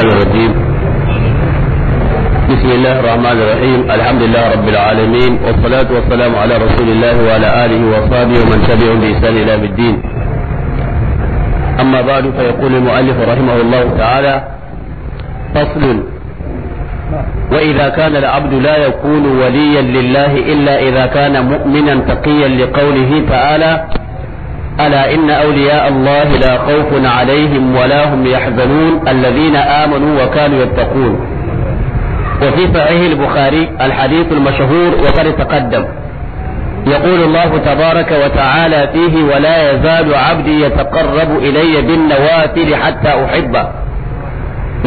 الرجيم بسم الله الرحمن الرحيم الحمد لله رب العالمين والصلاة والسلام على رسول الله وعلى آله وصحبه ومن تبعهم بإحسان إلى الدين أما بعد فيقول المؤلف رحمه الله تعالى فصل وإذا كان العبد لا يكون وليا لله إلا إذا كان مؤمنا تقيا لقوله تعالى ألا إن أولياء الله لا خوف عليهم ولا هم يحزنون الذين آمنوا وكانوا يتقون وفي صحيح البخاري الحديث المشهور وقد تقدم يقول الله تبارك وتعالى فيه ولا يزال عبدي يتقرب إلي بالنوافل حتى أحبه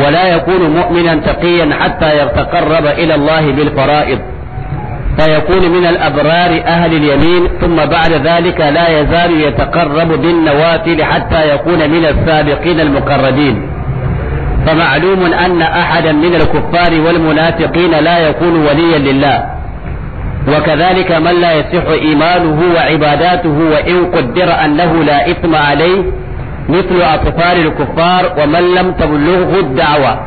ولا يكون مؤمنا تقيا حتى يتقرب إلى الله بالفرائض فيكون من الأبرار أهل اليمين ثم بعد ذلك لا يزال يتقرب بالنوافل حتى يكون من السابقين المقربين فمعلوم أن أحدا من الكفار والمنافقين لا يكون وليا لله وكذلك من لا يصح إيمانه وعباداته وإن قدر أنه لا إثم عليه مثل أطفال الكفار ومن لم تبلغه الدعوة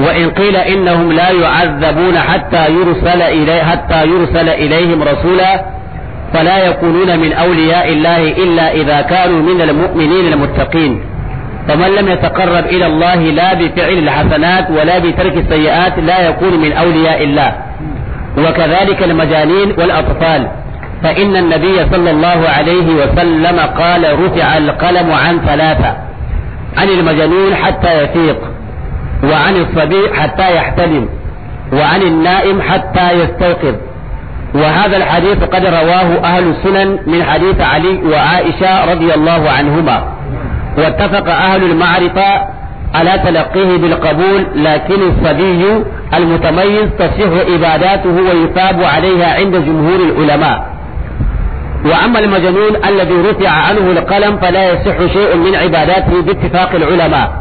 وإن قيل إنهم لا يعذبون حتى يرسل إليه حتى يرسل إليهم رسولا فلا يكونون من أولياء الله إلا إذا كانوا من المؤمنين المتقين فمن لم يتقرب إلى الله لا بفعل الحسنات ولا بترك السيئات لا يكون من أولياء الله وكذلك المجانين والأطفال فإن النبي صلى الله عليه وسلم قال رفع القلم عن ثلاثة عن المجنون حتى يفيق وعن الصبي حتى يحتلم وعن النائم حتى يستيقظ وهذا الحديث قد رواه أهل السنن من حديث علي وعائشة رضي الله عنهما واتفق أهل المعرفة على تلقيه بالقبول لكن الصبي المتميز تصح عباداته ويثاب عليها عند جمهور العلماء وأما المجنون الذي رفع عنه القلم فلا يصح شيء من عباداته باتفاق العلماء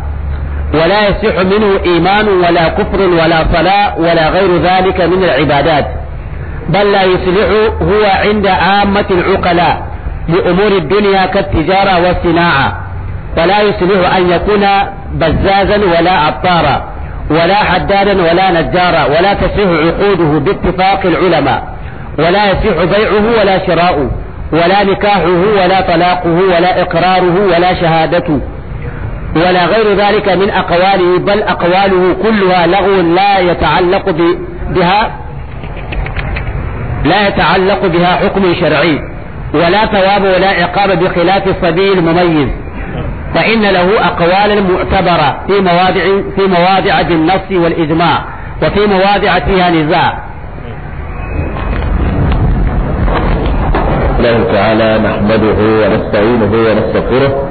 ولا يصح منه إيمان ولا كفر ولا صلاة ولا غير ذلك من العبادات بل لا يصلح هو عند عامة العقلاء لأمور الدنيا كالتجارة والصناعة فلا يصلح أن يكون بزازا ولا عطارا ولا حدادا ولا نجارا ولا تصح عقوده باتفاق العلماء ولا يصح بيعه ولا شراؤه ولا نكاحه ولا طلاقه ولا إقراره ولا شهادته ولا غير ذلك من أقواله بل أقواله كلها لغو لا يتعلق بها لا يتعلق بها حكم شرعي ولا ثواب ولا عقاب بخلاف الصبي المميز فإن له أقوالا معتبرة في مواضع في مواضع بالنص والإجماع وفي مواضع فيها نزاع الله تعالى نحمده ونستعينه ونستغفره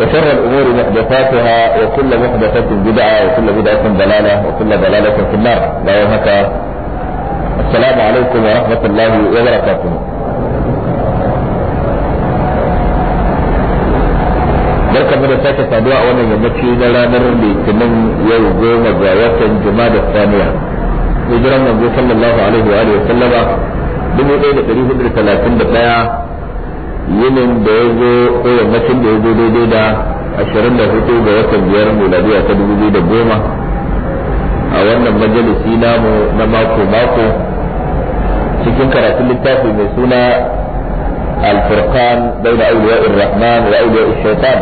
وشر الأمور محدثاتها وكل محدثة بدعة وكل بدعة ضلالة وكل ضلالة في النار لا يهكا السلام عليكم ورحمة الله وبركاته barka mu da sake saduwa a wannan yammaci na ranar litinin yau goma ga watan juma'a da saniya hijiran manzo sallallahu alaihi wa alihi wa sallama 1431 yinin da ya zo ko yammacin da ya zo daidai da ashirin da hudu ga watan biyar miladiya ta dubu biyu da goma a wannan majalisi namu na mako mako cikin karatun littafi mai suna الفرقان بين أولياء الرحمن وأولياء الشيطان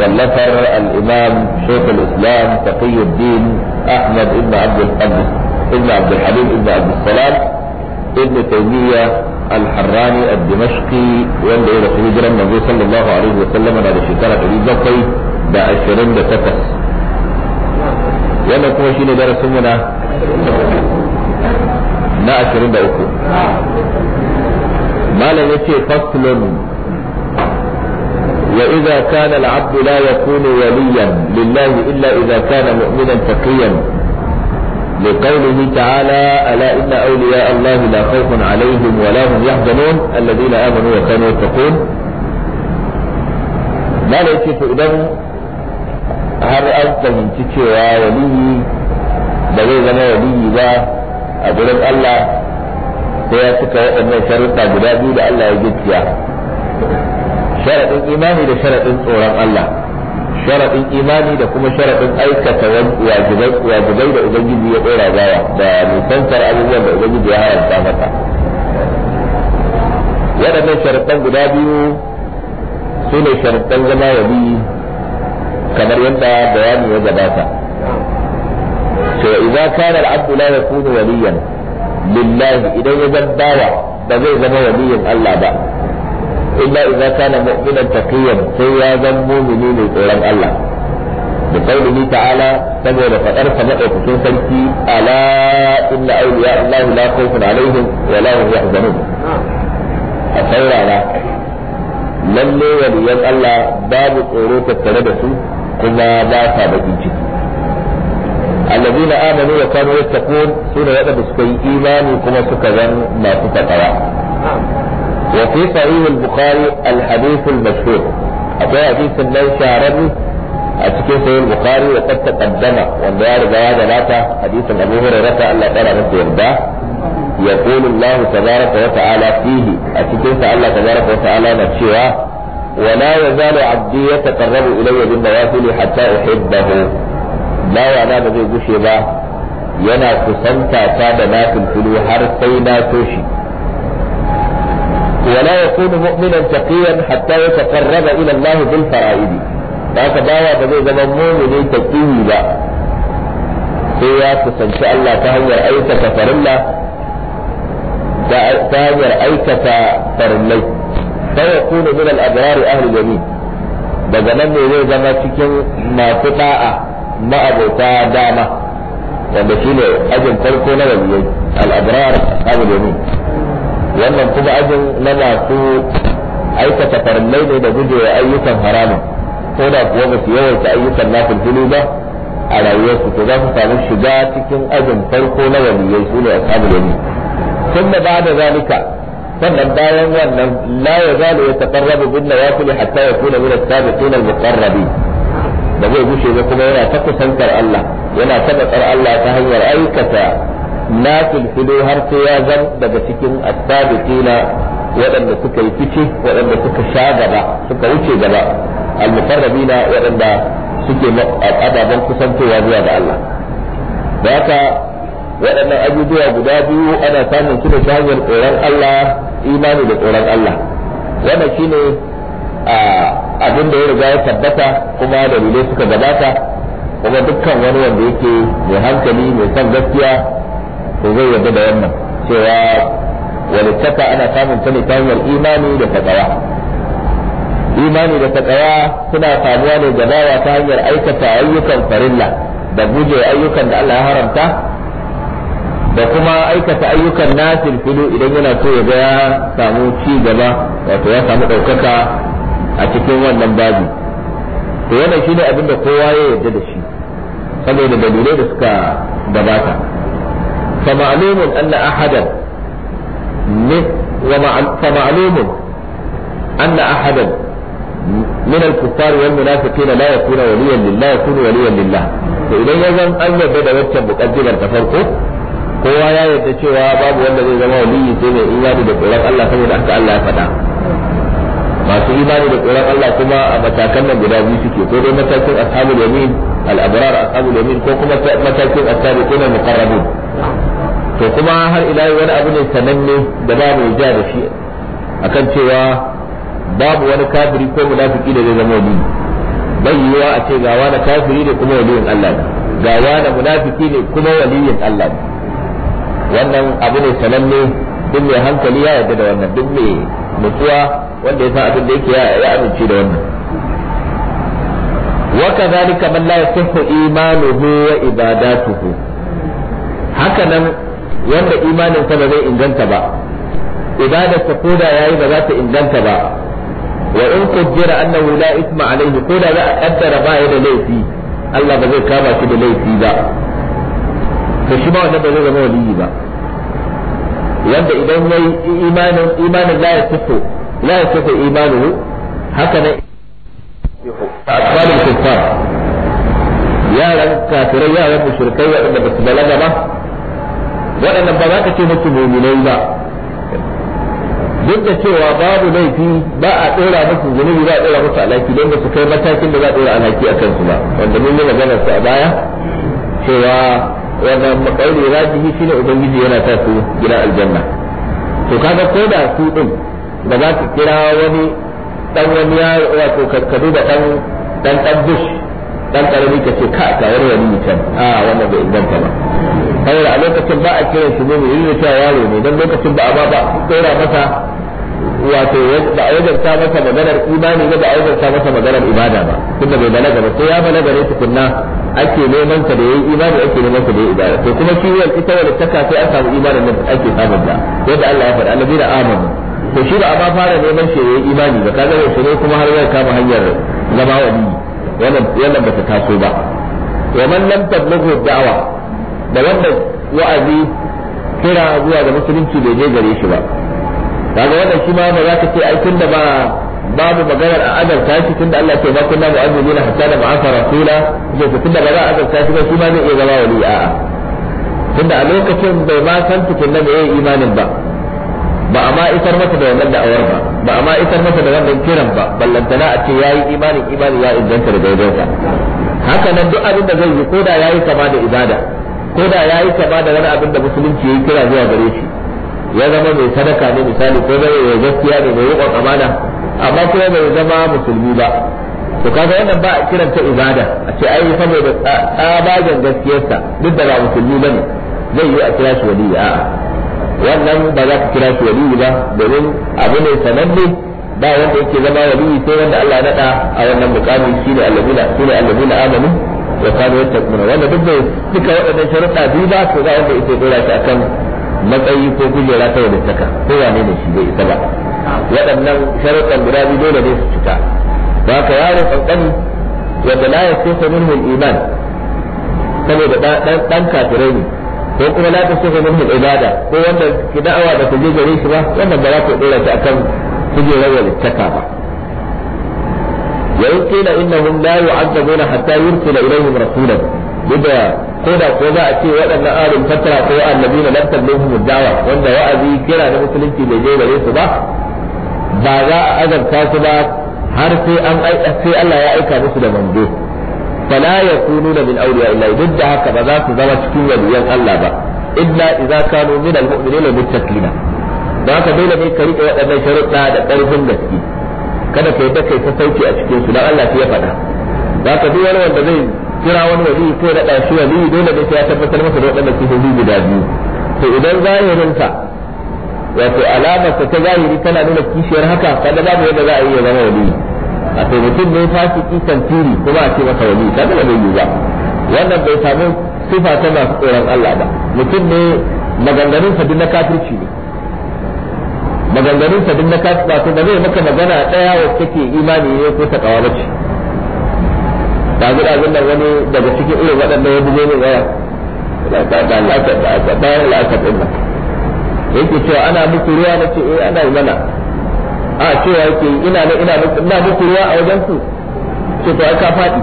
والنفر الإمام شيخ الإسلام تقي الدين أحمد بن عبد الحميد ابن عبد الحليم ابن عبد السلام ابن تيمية الحراني الدمشقي وانده الى سيدنا النبي صلى الله عليه وسلم على شكرة ريزقي دا عشرين دا تكس وانا كما شيني دار سمنا نا عشرين دا اكو ما لم يتي فصل وإذا كان العبد لا يكون وليا لله إلا إذا كان مؤمنا تقيا لقوله تعالى ألا إن أولياء الله لا خوف عليهم ولا هم يحزنون الذين آمنوا وكانوا يتقون ما ليس في إذن هل أنت من تشوى ولي بغي زمان ولي ذا أقول الله سيأتك أن شرطة جدابي لألا يجد فيها شرط الإيمان لشرط أوراق الله sharaɗin imani da kuma sharaɗin aikata wajibai da ubangiji ya ɗora baya da nisantar abubuwan da ubangiji ya haramta mata waɗannan sharaɗan guda biyu su ne sharaɗan zama wali kamar yadda bayani ya gabata to idza kana al-abdu la yakunu waliyan lillahi idan ya zama bawa ba zai zama waliyan Allah ba illa idza kana mu'minan taqiyan sai ya zan mu'mini ne tsoron Allah da qaulihi ta'ala saboda fadar sa madaukakin sarki ala inna awliya Allah la khawfun alaihim wa la hum yahzanun a saurara lalle waliyan Allah babu tsoro tattare da su kuma ba sa baki ciki الذين آمنوا وكانوا يتقون سكي كما سكذا ما سكتوا وفي صحيح البخاري الحديث المشهور أقول حديث النبي شعرني أتكين صحيح البخاري وقد تقدم وانبيار جواد لاتا حديث أبو هريرة ألا ترى نفسه يرضاه يقول الله تبارك وتعالى فيه أتكين الله تبارك وتعالى نفسها ولا يزال عبدي يتقرب إلي بالنوافل حتى أحبه لا وأنا بذي قشبه ينا kusanta ta ما nafin fili توشي ولا يكون مؤمنا تقيا حتى يتقرب الى الله بالفرائض ما كداوى بذي زمن مؤمن تقيه لا سيا شاء الله تهوى رايتك فرلا تهوى رايتك فرلي فيكون من الابرار اهل اليمين daga nan ne zai zama ما masu da'a ma'abota dama wanda shi ne ajin farko na rabiyai wannan kuma ajin na masu aikata farallai ne da guje wa ayyukan haramun ko da kuwa ba su yawaita ayyukan nafin jini ba a rayuwarsu to za su samu shiga cikin ajin farko na waliyai su ne a samun ashabul yamin ba da zalika sannan bayan wannan la ya zalo ya taqarrabu bin kuli hatta yakuna min as-sabiqin al-muqarrabin da zai gushe ba kuma yana ta kusantar Allah yana ta Allah ta hanyar aikata na filfilo har sai ya zan daga cikin asabiqina waɗanda suka yi fice waɗanda suka sha gaba suka wuce gaba almuqarrabina waɗanda suke ababen kusantowa zuwa ga Allah da haka waɗannan abubuwa guda biyu ana samun su da hanyar tsoron Allah imani da tsoron Allah wannan shine abin da ya riga ya tabbata kuma dalilai suka gabata kuma dukkan wani wanda yake mai hankali mai son gaskiya to zai yarda da wannan cewa walittaka ana samun ta ne ta hanyar imani da takawa imani da takawa suna samuwa ne ga bawa ta hanyar aikata ayyukan farilla da guje ayyukan da Allah ya haramta da kuma aikata ayyukan nasil filu idan yana so ya ga ya samu ci gaba wato ya samu ɗaukaka a cikin wannan babu to wannan shine abin da kowa ya yarda da shi saboda dalilai da suka gabata فمعلوم أن أحدا فمعلوم أن أحدا من الكفار والمنافقين لا يكون وليا لله يكون وليا لله فإذا يزن أن يبدأ ويتشبه قدر الكفرق هو يا يتشوى باب والذي زمى وليه سيمي إيمان بقرق الله سيمي لأحكى الله فتاة ما سيمان بقرق الله كما متاكنا بلازي سيكي فإذا متاكن أصحاب اليمين الأبرار أصحاب اليمين كما متاكن السابقين المقربون to kuma har ila wani abu ne sananne da ba mu ja da shi akan cewa babu wani kafiri ko munafiki da zai zama wali bai yiwa a ce ga wani kafiri ne kuma waliyin Allah ne ga wani munafiki ne kuma waliyin Allah ne wannan abu ne sananne duk mai hankali ya yarda da wannan duk mai mutuwa wanda ya san abin da yake ya amince da wannan وكذلك من لا يصح إيمانه وعباداته hakanan wanda imanin sa ba zai inganta ba ibadarsa ko da yayi ba za ta inganta ba wa in qaddara annahu la isma alaihi ko da za a kaddara ba ya da laifi Allah ba zai kama shi da laifi ba to shi ba wanda ba zai zama waliyi ba wanda idan yayi imanin imanin la yasifu la yasifu imanuhu haka ne أطفال الكفار يا kafirai كافرين يا رب مشركين يا رب ba بلغ waɗannan ba za ka ce musu mu'minai ba duk da cewa babu laifi ba a ɗora musu zunubi ba a ɗora musu alhaki don ba su kai matakin da za a ɗora alhaki a kansu ba wanda mun yi maganar su a baya cewa wannan makauri rajihi shine ubangiji yana sa su gida aljanna to kaga ko da su din da za ka kira wani dan wani ya wato kakkadu da dan dan dan bush dan karami ka ce ka ka wani wani mutum a wannan bai inganta ba saboda a lokacin ba a kira shi ne mai yi ta yaro ne dan lokacin ba a ba ba tsora masa wato da a ta masa maganar imani ne da a ta masa maganar ibada ba tunda bai balaga ba sai ya balaga ne tukunna ake neman sa da yayi imani ake neman sa da yayi ibada to kuma shi wal ita wal taka sai an samu imanin nan ake samun da yadda Allah ya faɗa annabi da amanu to shi ba a ba fara neman shi yayi imani ba kaga shi ne kuma har ya kama hanyar zama wali wannan wannan ba ta taso ba wa man lam tablughu da'wa da wannan wa'azi kira zuwa ga musulunci bai je gare shi ba kaga wannan shi ma ba za ka ce ai tunda ba babu maganar a azarta shi tunda Allah ce ba kunna mu'azzibina hatta da ba'atha rasula zai ce tunda ba za a azarta shi ba shi ma zai iya zama wali a'a tunda a lokacin bai ma san tukunna da yayi imanin ba ba a ma isar masa da wannan da'awar ba ba a ma isar masa da wannan kiran ba ballantana a ce yayi imanin imanin ya inganta da daidaita haka nan duk abin da zai yi ko da yayi kama da ibada ko da ya yi kama da wani abin da musulunci ya yi kira zuwa gare shi ya zama mai sadaka ne misali ko zai yi gaskiya ne mai riƙon amana amma kuma bai zama musulmi ba to kaga wannan ba a kiranta ibada a ce ai saboda tsabagen gaskiyarsa duk da ba musulmi bane zai yi a kira shi wali a'a wannan ba za ka kira shi wali ba domin abu ne sananne ba wanda yake zama wali sai wanda Allah ya nada a wannan mukami shine alladina shine alladina amanu wa kanu yattaquna wanda duk duka waɗannan sharuɗa biyu ba to za dora shi ko kujera ne shi waɗannan sharuɗan guda dole ne su cika ba ka yaro wanda la yasifu minhu al-iman saboda dan kafirai ne ko kuma la minhu al-ibada ko wanda ki da'awa da kuje gare shi ba wannan ba za ta dora shi akan kujerar wadda taka ba wa in qila innahum la yu'adzabuna hatta yursila ilayhim rasulan bida ko da ko za a ce waɗannan alim tattara ko annabina lam tabluhum da'wa wanda wa'azi kira da musulunci bai je gare ba ba za a azabta su ba har sai Allah ya aika musu da manzo fala yakununa min awliya illa duk da haka ba za su zama cikin waliyan Allah ba illa idza kanu min almu'minina muttaqina da haka dole ne ka rike waɗannan sharuɗa da ƙarfin gaske kada ka yadda kai ta sauki a cikin su dan Allah ya faɗa zaka duk wani wanda zai kira wani wali ko da shi wali dole ne sai ya tabbatar masa da wadannan sifofi guda biyu to idan zahirin sa wato alamar sa ta zahiri tana nuna kishiyar haka kada babu yadda za a yi ya zama wali a to mutum ne fasiki tantiri kuma a ce masa wali kada ba zai yi ba wannan bai samu sifa ta masu tsoron Allah ba mutum ne maganganun sabbin duk na kafirci ne maganganun sa duk na kasu ba ba zai maka magana daya wa take imani ne ko ta kawa ba zai abin nan wani daga cikin irin waɗanda ya bugo ne waya da da Allah ta da bayan la'akar din nan yake cewa ana muku ruwa na ce eh ana mana a cewa yake ina na ina ina muku ruwa a wajen su ce to ai faɗi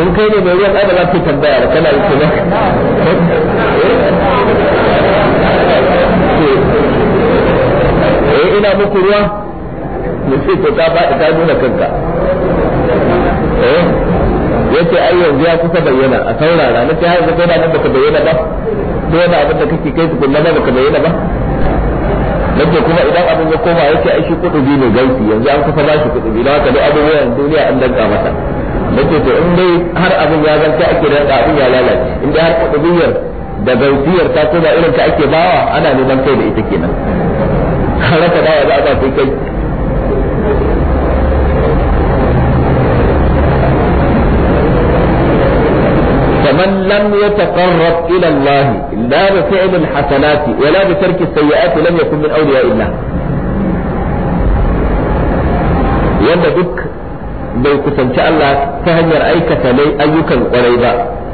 in kai ne mai ruwan ai ba za ka tambaya ba kana yi kenan eh? eh ina muku ruwa ya ce ta ka faɗi ka nuna kanka eh yace ai yanzu ya kusa bayyana a saurara na ce har yanzu kai da nan baka bayyana ba ko wani abin da kake kai su kullum baka bayyana ba nake kuma idan abin ya koma yake ai shi biyu ne gaisi yanzu an kusa bashi kudubi don haka duk abubuwan duniya an danka masa nake to in dai har abin ya zanta ake da abin ya lalace in dai har biyar da gaisiyar ta koma irin ta ake bawa ana neman kai da ita kenan فمن لم يتقرب إلى الله لا بفعل الحسنات ولا بترك السيئات لم يكن من أولياء الله يبدا دك ان شاء الله تهني رأيك تلي أيك القريبة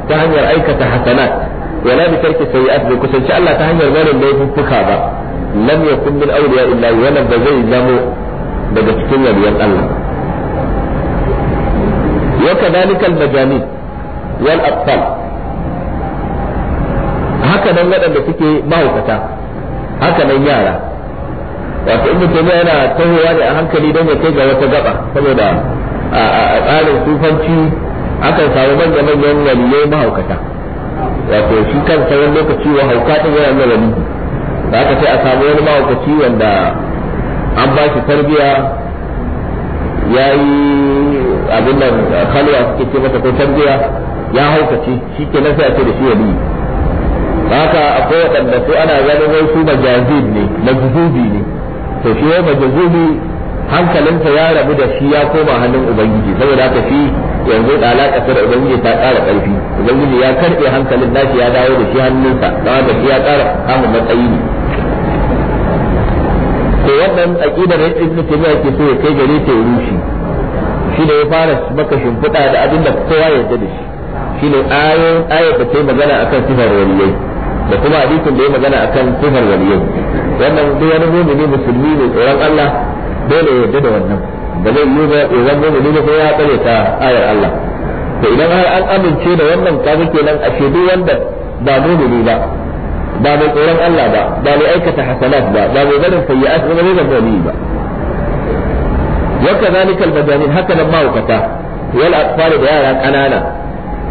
تهني رأيك تحسنات ولا بترك السيئات بيك شاء الله تهني رأيك تلي أيك lam yakun min awliya illa wala ba zai zamo daga cikin waliyan Allah wa kadhalika al majani wal atfal haka nan waɗanda suke mahaukata haka nan yara wato ibnu taymiya yana tahowa a hankali don ya kai ga wata gaba saboda a tsarin sufanci akan samu manya-manyan waliyai mahaukata wato shi kan wani lokaci wa hauka ɗin yana da wani da aka sai a samu wani mahaukaci wanda an ba shi tarbiya ya yi abin nan kalwa suke ce mata ko tarbiya ya haukaci shi ke nasa ce da shi ba haka akwai waɗanda su ana ganin wai su majazib ne majuzubi ne to shi wai majuzubi hankalinsa ya rabu da shi ya koma hannun ubangiji saboda haka shi yanzu da alaƙa da ubangiji ta ƙara ƙarfi ubangiji ya karbe hankalin nashi ya dawo da shi hannunsa don haka ya ƙara samun matsayi ne to wannan aqidar ya ibn taymiya ke so ya kai gare ta rushi shi da ya fara maka shimfiɗa da abin da kowa ya yarda da shi shine ayoyin ayat da ta yi magana akan sifar waliyai da kuma hadisin da ya magana akan sifar waliyai wannan duk wani mu'mini musulmi ne tsoron Allah dole ya yarda da wannan ba zai yi ba ya zama mu'mini ko ya tsare ta ayar Allah to idan har an amince da wannan kaga kenan ashe duk wanda ba mumini ba ba mai tsoron Allah ba ba mai aikata hasanat ba ba mai barin sayyi'at ba mai zama ba wa kadhalika al-majanin haka nan mawqata wal atfal da yara kanana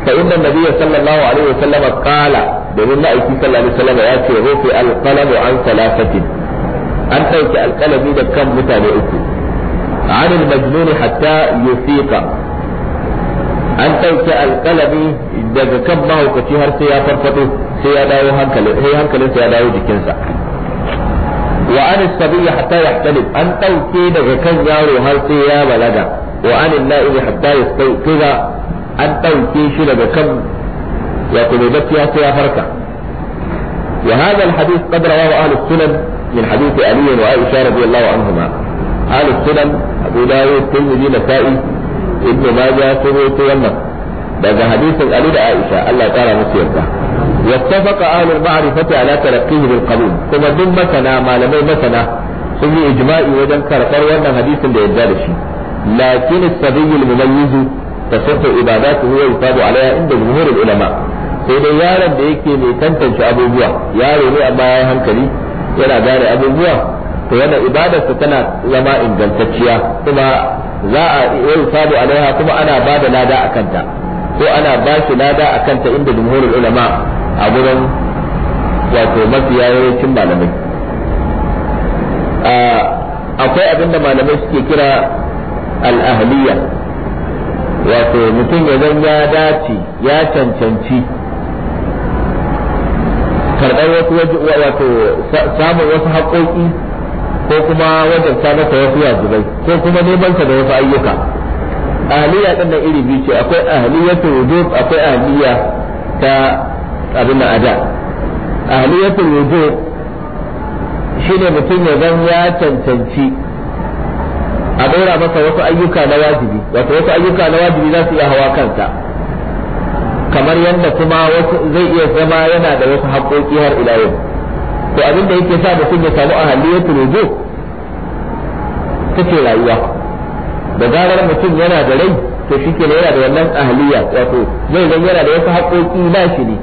fa inna nabiyya sallallahu alaihi wa sallam qala domin ma'aiki sallallahu alaihi wa sallam ya ce rufi al-qalamu an salasatin an ɗauki alƙalami da kan mutane uku عن المجنون hatta يفيق an ɗauke alƙalami daga kan mahaukaci har sai ya farfado sai ya dawo hankalin hankalinsa ya dawo jikinsa wa an sabiya hatta ya yahtalib an ɗauke daga kan yaro har sai ya balaga wa an na'ibi hatta ya yastayqiza an ɗauke shi daga kan ya kuma bacciya sai ya farka wa hadha alhadith qad rawahu ahli sunan min hadith ali wa aisha radiyallahu anhuma ahli sunan abu dawud tirmidhi nasa'i ibnu majah sun rawaito wannan daga hadisin ali da aisha Allah ya kara musu yarda wattafaqa ahlul ma'rifati ala bil qabul kuma duk masana malamai masana sun yi ijma'i wajen karɓar wannan hadisin da yarda da shi lakin as-sabiy al-mumayyiz tasahhu ibadatuhu wa yusabu alaiha inda jumhur ulama sai dai yaron da yake mai tantance abubuwa yaro ne amma ya hankali yana gane abubuwa to yana ibadarsa tana zama ingantacciya kuma za a yusabu alaiha kuma ana ba da lada a kanta ko ana ba shi lada a kanta inda jumhurul ulama a gurin wato mafiya yawancin malamai akwai abinda malamai suke kira al'ahliya wato mutum ya zan ya dace ya cancanci karɓar wasu wato samun wasu haƙoƙi ko kuma wajabta masa wasu wajibai ko kuma neman sa da wasu ayyuka ahliya din nan iri biyu ce akwai ahliyatu wujub akwai ahliya ta abin da ada ahliyatul wujub shine mutum ya zan ya cancanci a ɗora masa wasu ayyuka na wajibi wato wasu ayyuka na wajibi za su iya hawa kansa kamar yadda kuma wasu zai iya zama yana da wasu haƙoƙi har ila yau to abin da yake sa mutum ya samu ahaliyatul wujub take rayuwa da zarar mutum yana da rai to shi ke yana da wannan ahliya wato zai zan yana da wasu haƙoƙi na shi ne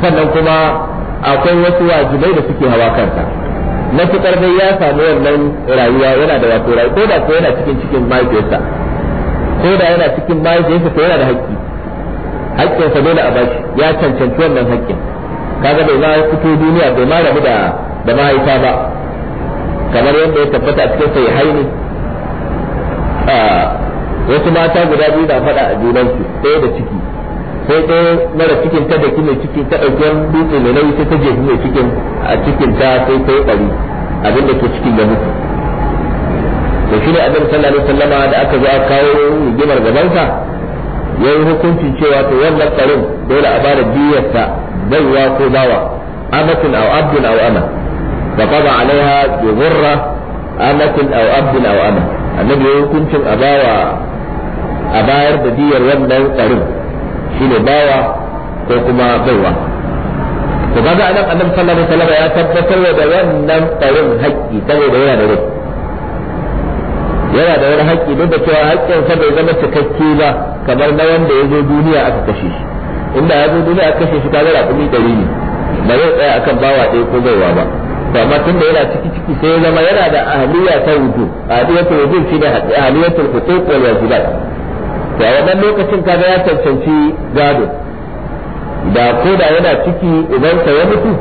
sannan kuma akwai wasu wajibai da suke hawa kanta fi dai ya samu wannan rayuwa yana da wato rayuwa ko da ko yana cikin cikin mahaifiyarsa ko da yana cikin mahaifiyarsa to yana da haƙƙi haƙƙinsa dole a bashi ya cancanci wannan haƙƙin kaga bai ma fito duniya bai ma rabu da da mahaifa ba kamar yadda ya tabbata a cikin sai haini wasu mata guda biyu na faɗa a junansu ɗaya da ciki sai ɗaya mara cikin ta da ki mai ciki ta ɗauki dutse mai nauyi sai ta jefi mai cikin a cikin ta sai ta yi ɓari abinda ke cikin ya mutu da shi ne annabi sallallahu alaihi wasallama da aka zo a kawo rigimar gabansa ya yi hukuncin cewa to wannan tsarin dole a bada biyarsa baiwa ko bawa amatun au abdin au ama فطبع عليها بغرة أمة أو أبد أو أمة النبي hukuncin abawa a bayar da diyar wannan tsarin shi ne bawa ko kuma baiwa to kaga anan annabi sallallahu alaihi wasallam ya tabbatar da wannan tsarin haƙƙi yana da yana da wani haƙƙi duk da cewa haƙƙin sa bai zama cikakke ba kamar na wanda ya zo duniya aka kashe shi inda ya zo duniya aka kashe shi kaga da kuma ɗari ne ba zai tsaya akan bawa ɗaya ko baiwa ba to amma tun da yana ciki ciki sai ya zama yana da ahliya ta wudu ahliyatul wudu shine ahliyatul huquq wal wajibat to a wannan lokacin kaga ya cancanci gado da ko da yana ciki idan sa ya mutu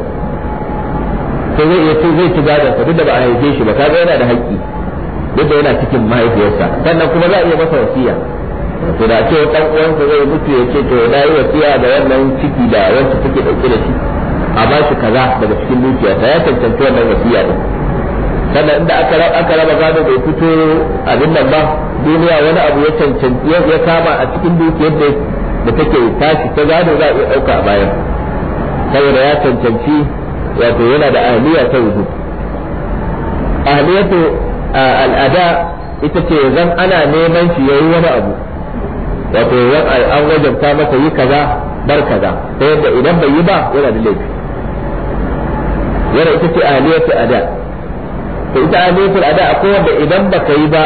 to zai iya zai ci gadon sa duk da ba a haife shi ba kaga yana da haƙƙi duk da yana cikin mahaifiyarsa sannan kuma za a iya masa wasiya to da ce dan uwansa zai mutu ya ce to na yi wasiya da wannan ciki da wanda take dauke da shi a ba shi kaza daga cikin dukiyarsa ya cancanci wannan wasiya din sannan inda aka aka raba gado bai fito abin nan ba duniya wani abu ya cancanci ya kama a cikin dukiyar da da take tashi ta gado za a iya dauka a bayan saboda ya cancanci wato yana da ahliya ta wujud ahliyatu al'ada ita ce zan ana neman shi yayi wani abu wato an ta masa yi kaza bar kaza ta yadda idan bai yi ba yana da laifi yana ita ce aliyatul ada to ita aliyatul ada akwai wanda idan baka yi ba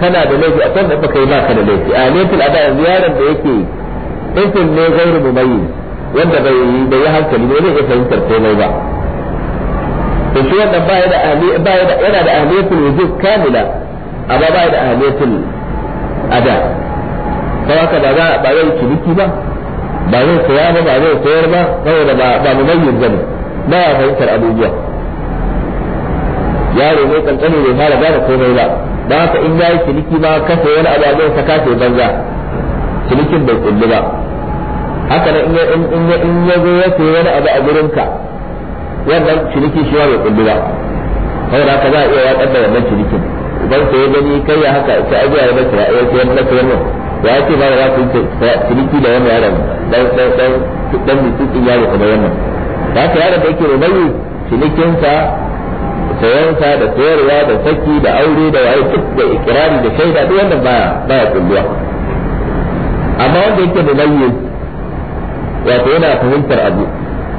kana da laifi akwai wanda baka yi ba kana da laifi aliyatul ada yanzu yaron da yake ism ne gairu mumayyiz wanda bai bai yi hankali ne zai fahimtar komai ba to shi wannan ba ya da ba ya da yana da ahliyatul wujud kamila amma ba ya da ahliyatul ada don haka ba za ba zai ciniki ba ba zai saya ba ba zai sayar ba saboda ba ba mumayyiz bane baya fahimtar abubuwa yaro ne kankani bai fara gane komai ba da haka in yi ciniki ma kasa wani abu a sa kasa banza cinikin bai kulli ba haka nan in ya in ya zo ya sayi wani abu a gurin ka wannan ciniki shi bai kulli ba da haka za a iya watsar da wannan cinikin idan sai ya gani kai ya haka sai a ya masa ya sai ya masa wannan ya ce ba za ku ciniki da wani yaron dan dan dan dan mutum yaro kamar wannan da ta yara da yake rubayi cinikinsa sayansa da sayarwa da saki da aure da waye duk da ikirari da shaida duk wannan baya baya kulluwa amma wanda yake rubayi wato yana fahimtar abu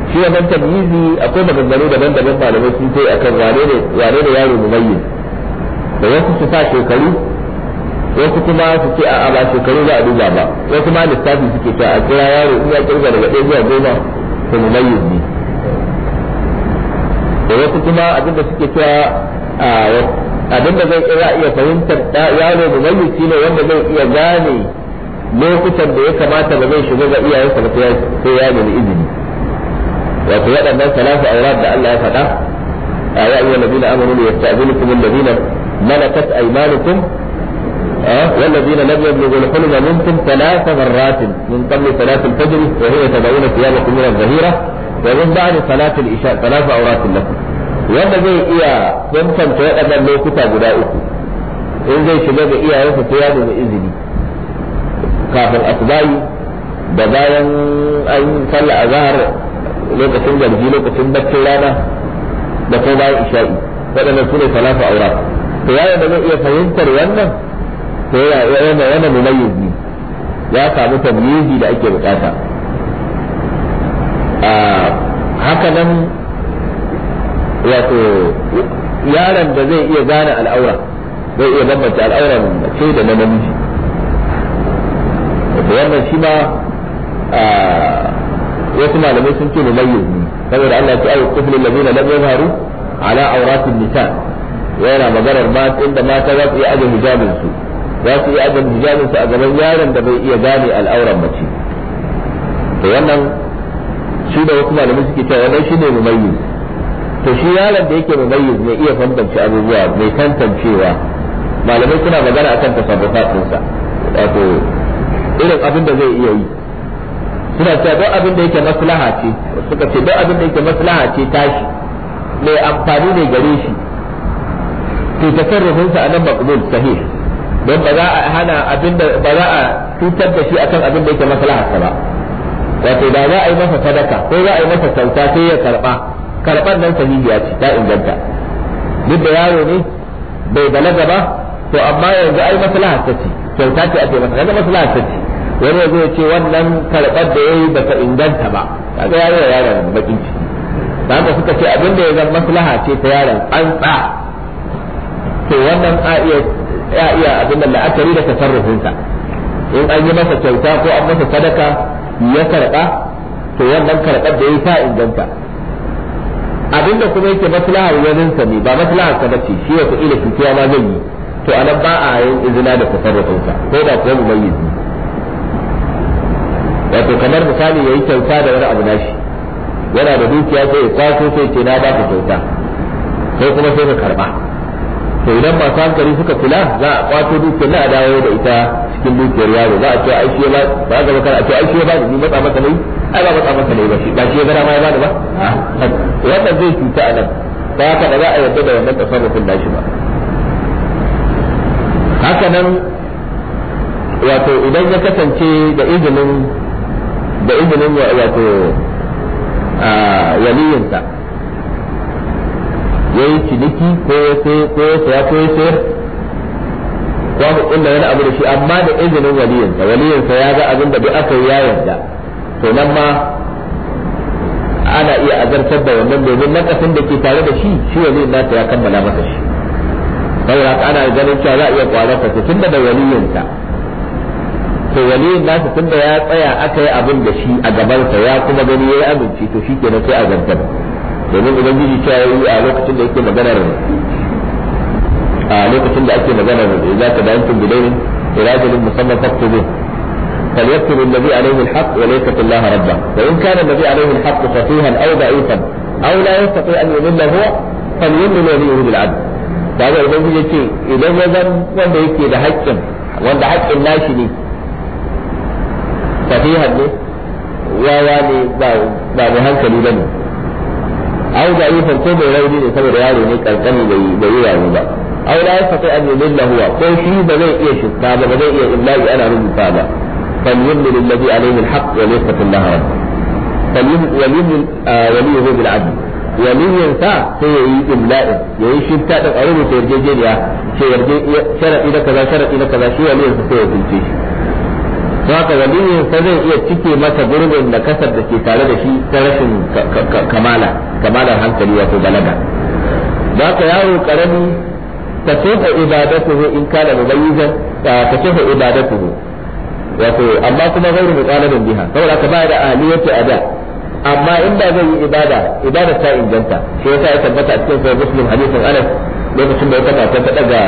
shi wannan tabyizi akwai maganganu daban-daban malamai sun ce akan wane ne wane ne yaro mumayyiz da wasu su sa shekaru wasu kuma su ce a'a ba shekaru za a duba ba wasu ma lissafi suke ta a kira yaro in ya kirga daga ɗaya zuwa goma to mumayyiz ne da wasu kuma abinda suke cewa abinda zai iya iya fahimtar yaro da zai yi ne wanda zai iya gane lokutan da ya kamata ba zai shiga ga iyayensa ba sai ya nemi izini wato waɗannan salatu aurat da Allah ya faɗa a ya ayyuhal ladina amanu yasta'zinukum alladina malakat aymanukum والذين لم يبلغوا الحلم منكم ثلاث مرات من قبل صلاة الفجر وهي تدعون ثيابكم من zahira wa min ba'da salatul isha salatu awratin lakum wanda zai iya tantance waɗannan lokuta guda uku in zai shiga ga iyayensa sai ya nemi izini kafin asubayi da bayan an a zahar lokacin garji lokacin baccin rana da kuma bayan isha'i waɗannan su ne salatu awrat to yayin da zai iya fahimtar wannan to yana yana mumayyizi ya samu tamyizi da ake bukata haka nan wato yaron da zai iya gane al'aura zai iya bambance al'auran mace da na namiji wato wannan shi ma wasu malamai sun ce mumayyiz ne saboda Allah ta ayyuka kuflin lazina lam yazharu ala auratin nisa yana maganar ma inda mata za su iya aje hijabin su za su iya aje hijabin su a gaban yaron da bai iya gane al'auran mace to wannan shi da wasu malamai suke cewa wannan shine mumayyiz to shi yaron da yake mumayyiz mai iya bambance abubuwa mai tantancewa malamai suna magana akan tasarrufat ɗinsa wato irin abin da zai iya yi suna cewa duk abin da yake maslaha ce suka ce duk abin da yake maslaha ce tashi mai amfani ne gare shi to tasarrufinsa a nan maqbul sahih don ba za a hana abin da ba za a cutar da shi akan abin da yake maslaha ba wato da za a yi masa sadaka ko za a yi masa kyauta sai ya karba karban nan sahihiya ce ta inganta duk da yaro ne bai balaga ba to amma yanzu ai maslaha ta ce kyauta ce ake masa kaga maslaha ta ce wani yanzu zo ya ce wannan karɓar da ya ba ta inganta ba kaga yaro ya yaron bakin ciki da haka suka ce abinda ya zama maslaha ce ta yaron an tsa to wannan a iya ya iya abin da la'akari da tasarrufinsa in an yi masa kyauta ko an masa sadaka ya karɓa to wannan karɓar da ya sa inganta abinda kuma yake maslahar sa ne ba maslahar sa bace shi ya ku ila fitiya ma zai yi to nan ba a yin izina da tasarrufin sa ko da kuwa mumayyiz wato kamar misali yayi kyauta da wani abu nashi yana da dukiya sai ya kwaso sai ce na ba ka kyauta sai kuma sai ka karba to idan masu hankali suka kula za a kwato dukiyar na a dawo da ita cikin dukiyar yaro za a ce ai ba za a ce ba ni matsa masa nayi ai ba matsa masa nayi ba shi ba shi ya gara ma ya ba wannan zai cuta a nan ba haka da za a yarda da wannan tasarrufin nashi ba haka nan wato idan ya kasance da izinin da izinin wato waliyinsa ya yi ciniki ko ya ko ya sayar za mu kulla wani abu da shi amma da izinin waliyinsa waliyinsa ya ga abin da duk aka ya yarda to nan ma ana iya azartar da wannan domin nakasin da ke tare da shi shi waliyin nasa ya kammala masa shi saboda haka ana ganin cewa za a iya kwararsa to tun da waliyinsa to waliyin nasa da ya tsaya aka yi abin da shi a gabansa ya kuma gani ya yi aminci to shi kenan sai a zartar domin ubangiji cewa yi a lokacin da yake maganar a lokacin da ake magana da za ka dayantum bidaini ila ajalin musamman faktubu فليكتب الذي عليه الحق وليتق الله ربه وإن كان الذي عليه الحق فقيها أو ضعيفا أو لا يستطيع أن يمل هو فليمل وليه بالعدل kaga ubangiji ce idan ya zan wanda yake da haƙƙin wanda haƙƙin nashi ne sahihan ne wawa ne ba mai hankali ba ne au da ifan ko mai rauni ne saboda yaro ne kankani bai yi rauni ba aw la yastati an yumilla huwa ko shi ba zai iya shukka ba ba zai iya illahi ana rubuta ba fal yumil alladhi alayhi alhaq wa yastati Allah falyumin ah, waliyu bil adl waliyin sa sai yayi imla'in yayi shifta din a rubuta yarjejeniya ce yarje sharadi na kaza sharadi na kaza shi waliyin sa sai ya tunce shi haka waliyin sa zai iya cike masa gurbin da kasar da ke tare da shi ta rashin kamala hankali wato balaga haka yawo karami tasifa ibadatuhu in kana mubayyizan tasifa ibadatuhu amma kuma ghairu mutalabin biha saboda ka ba da aliyati ada amma in ba zai yi ibada ibada ta inganta shi yasa ya tabbata cikin sahih muslim hadisin anas lokacin da ya tabbata ta daga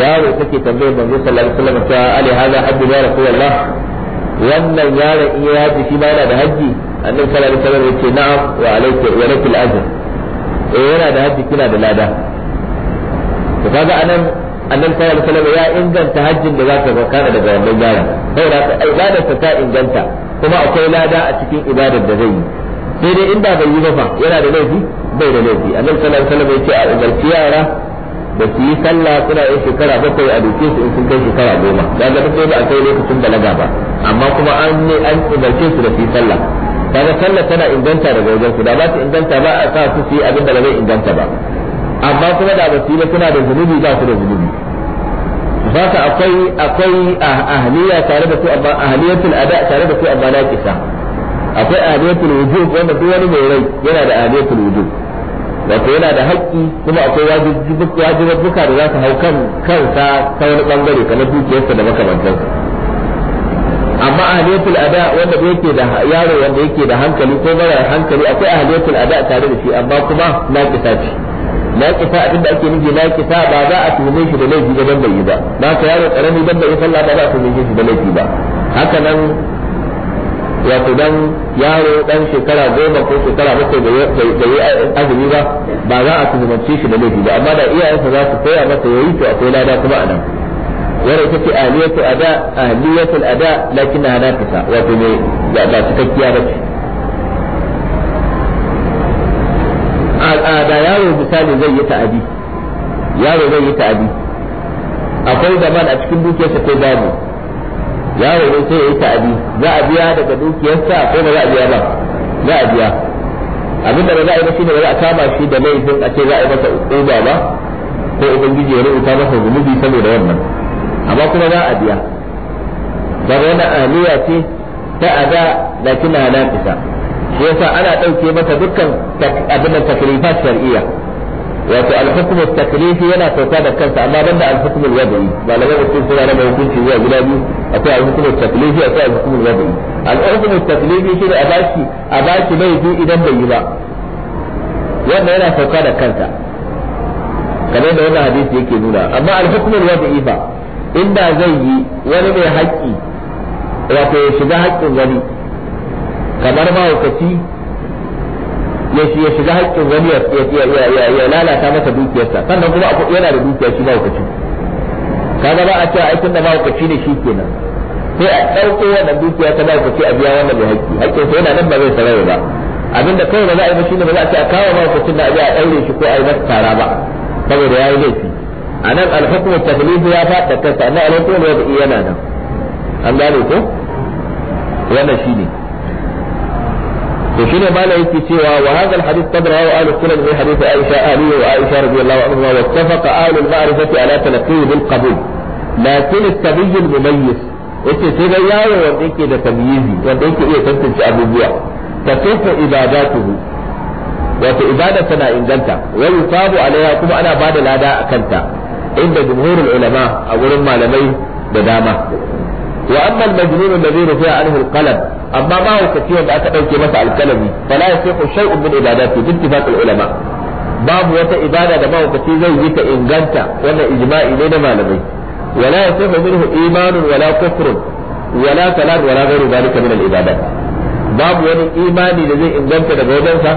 yaro take tambayar manzo sallallahu alaihi wasallam ta ali hada haddu ya rasulullah wannan yaron in ya haji shi ma yana da haji annabi sallallahu ya ce wa eh, yana da kina da lada to kaga anan annan sallallahu alaihi wasallam ya inganta hajjin da zaka zakara daga wannan sai da ka ibadar ta inganta kuma akwai lada a cikin ibadar da zai yi sai dai inda bai yi ba yana da laifi bai da laifi annan sallallahu alaihi wasallam ya ce a umarci yara da su yi sallah suna yin shekara bakwai a duke su in sun kai shekara goma da ga take ba a kai lokacin balaga ba amma kuma an ne an umarce su da su yi sallah kaga sallah tana inganta daga wajen su da ba ta inganta ba a sa su su yi abin da ba zai inganta ba amma kuma da ba suna da zunubi ba su da zunubi ka akwai akwai ah, ahliya tare da su amma ahliyatul ada tare da su amma kisa akwai ahliyatul wujub wanda duk wani mai rai yana da ahliyatul wujub wato yana da haƙƙi kuma akwai wajibbuka da za su hau kan kansa ta wani bangare kamar dukiyarsa da makamantansa amma ahliyatul ada wanda yake da yaro wanda yake da hankali ko mara hankali akwai ahliyatul ada tare da shi amma kuma na kisa ce na kisa abin da ake nufi kisa ba za a tume shi da laifi ba dan bai yi ba ba ka yaro karami dan bai sallah ba za a tume shi da laifi ba haka nan wato dan yaro dan shekara goma ko shekara bakwai da yi azumi ba ba za a tuhumance shi da laifi ba amma da iyayensa za su koya masa yayi to akwai lada kuma a anan wannan ita ce aliyatu ada ahliyatul ada lakinna naqisa wato ne ba cikakkiya ba ce misali zai yi ta'adi yaro zai yi ta'adi akwai zaman a cikin dukiyarsa ko babu yaro zai sai ya yi ta'adi za a biya daga dukiyarsa ko ba za a biya ba za a biya abinda ba za a yi ba shine ba za a kama shi da laifin a ce za a yi masa uba ba ko ubangiji ya rubuta masa zunubi saboda wannan amma kuma za a biya daga wani aliyya ce ta a da kina nafisa shi yasa ana ɗauke mata dukkan abin da takrifat iya. wato al-hukm at-taklifi yana kauta da kansa amma ban da al-hukm al-wadi malamai da sun raba hukunci zuwa gida biyu akwai al-hukm at-taklifi akwai al-hukm al-wadi al-hukm at-taklifi shi ne a baki a baki laifi idan bai yi ba wanda yana sauka da kansa kamar da wannan hadisi yake nuna amma al-hukm al-wadi ba inda zai yi wani mai haƙƙi wato ya shiga haƙƙin wani kamar mahaukaci ya shiga haƙƙin wani ya ya lalata masa dukiyarsa sannan kuma a yana da dukiya shi mahaukaci kaga ba a cewa aikin da mahaukaci ne shi kenan sai a ɗauko wannan dukiya ta mahaukaci a biya wannan mai haƙƙi haƙƙinsa yana nan ba zai sarari ba abinda kawai ba za a yi ba shine ba za a ce a kawo mahaukacin da a biya a ɗaure shi ko a yi masa tara ba saboda ya yi laifi a nan alhukumar tafilifu ya faɗa kansa amma alhukumar wata iya nan an gane ko wannan shi ne وشنو ما لا يكفي سوى وهذا الحديث قد رواه اهل السنن في حديث عائشه اهلي وعائشه رضي الله عنها واتفق اهل المعرفه على تلقيه بالقبول لكن التبي المميز انت تبي ياو الى تمييزي وديك الى تنتج ابو بيع تصف عباداته wato ibada tana inganta wai sabu alaiha kuma ana bada lada a kanta inda jumhurul ulama a wa amma al da zai rufi'a anhu al-qalam amma ma hukaci aka ɗauke masa al-qalami fala yasihu shay'un min ibadati bi ittifaq al-ulama babu wata ibada da mahaukaci zai yi ta inganta wannan ijma'i ne na malamai wala yasihu minhu imanun wala kufrun wala salat wala ghayru dhalika min al-ibadat babu wani imani da zai inganta daga wajensa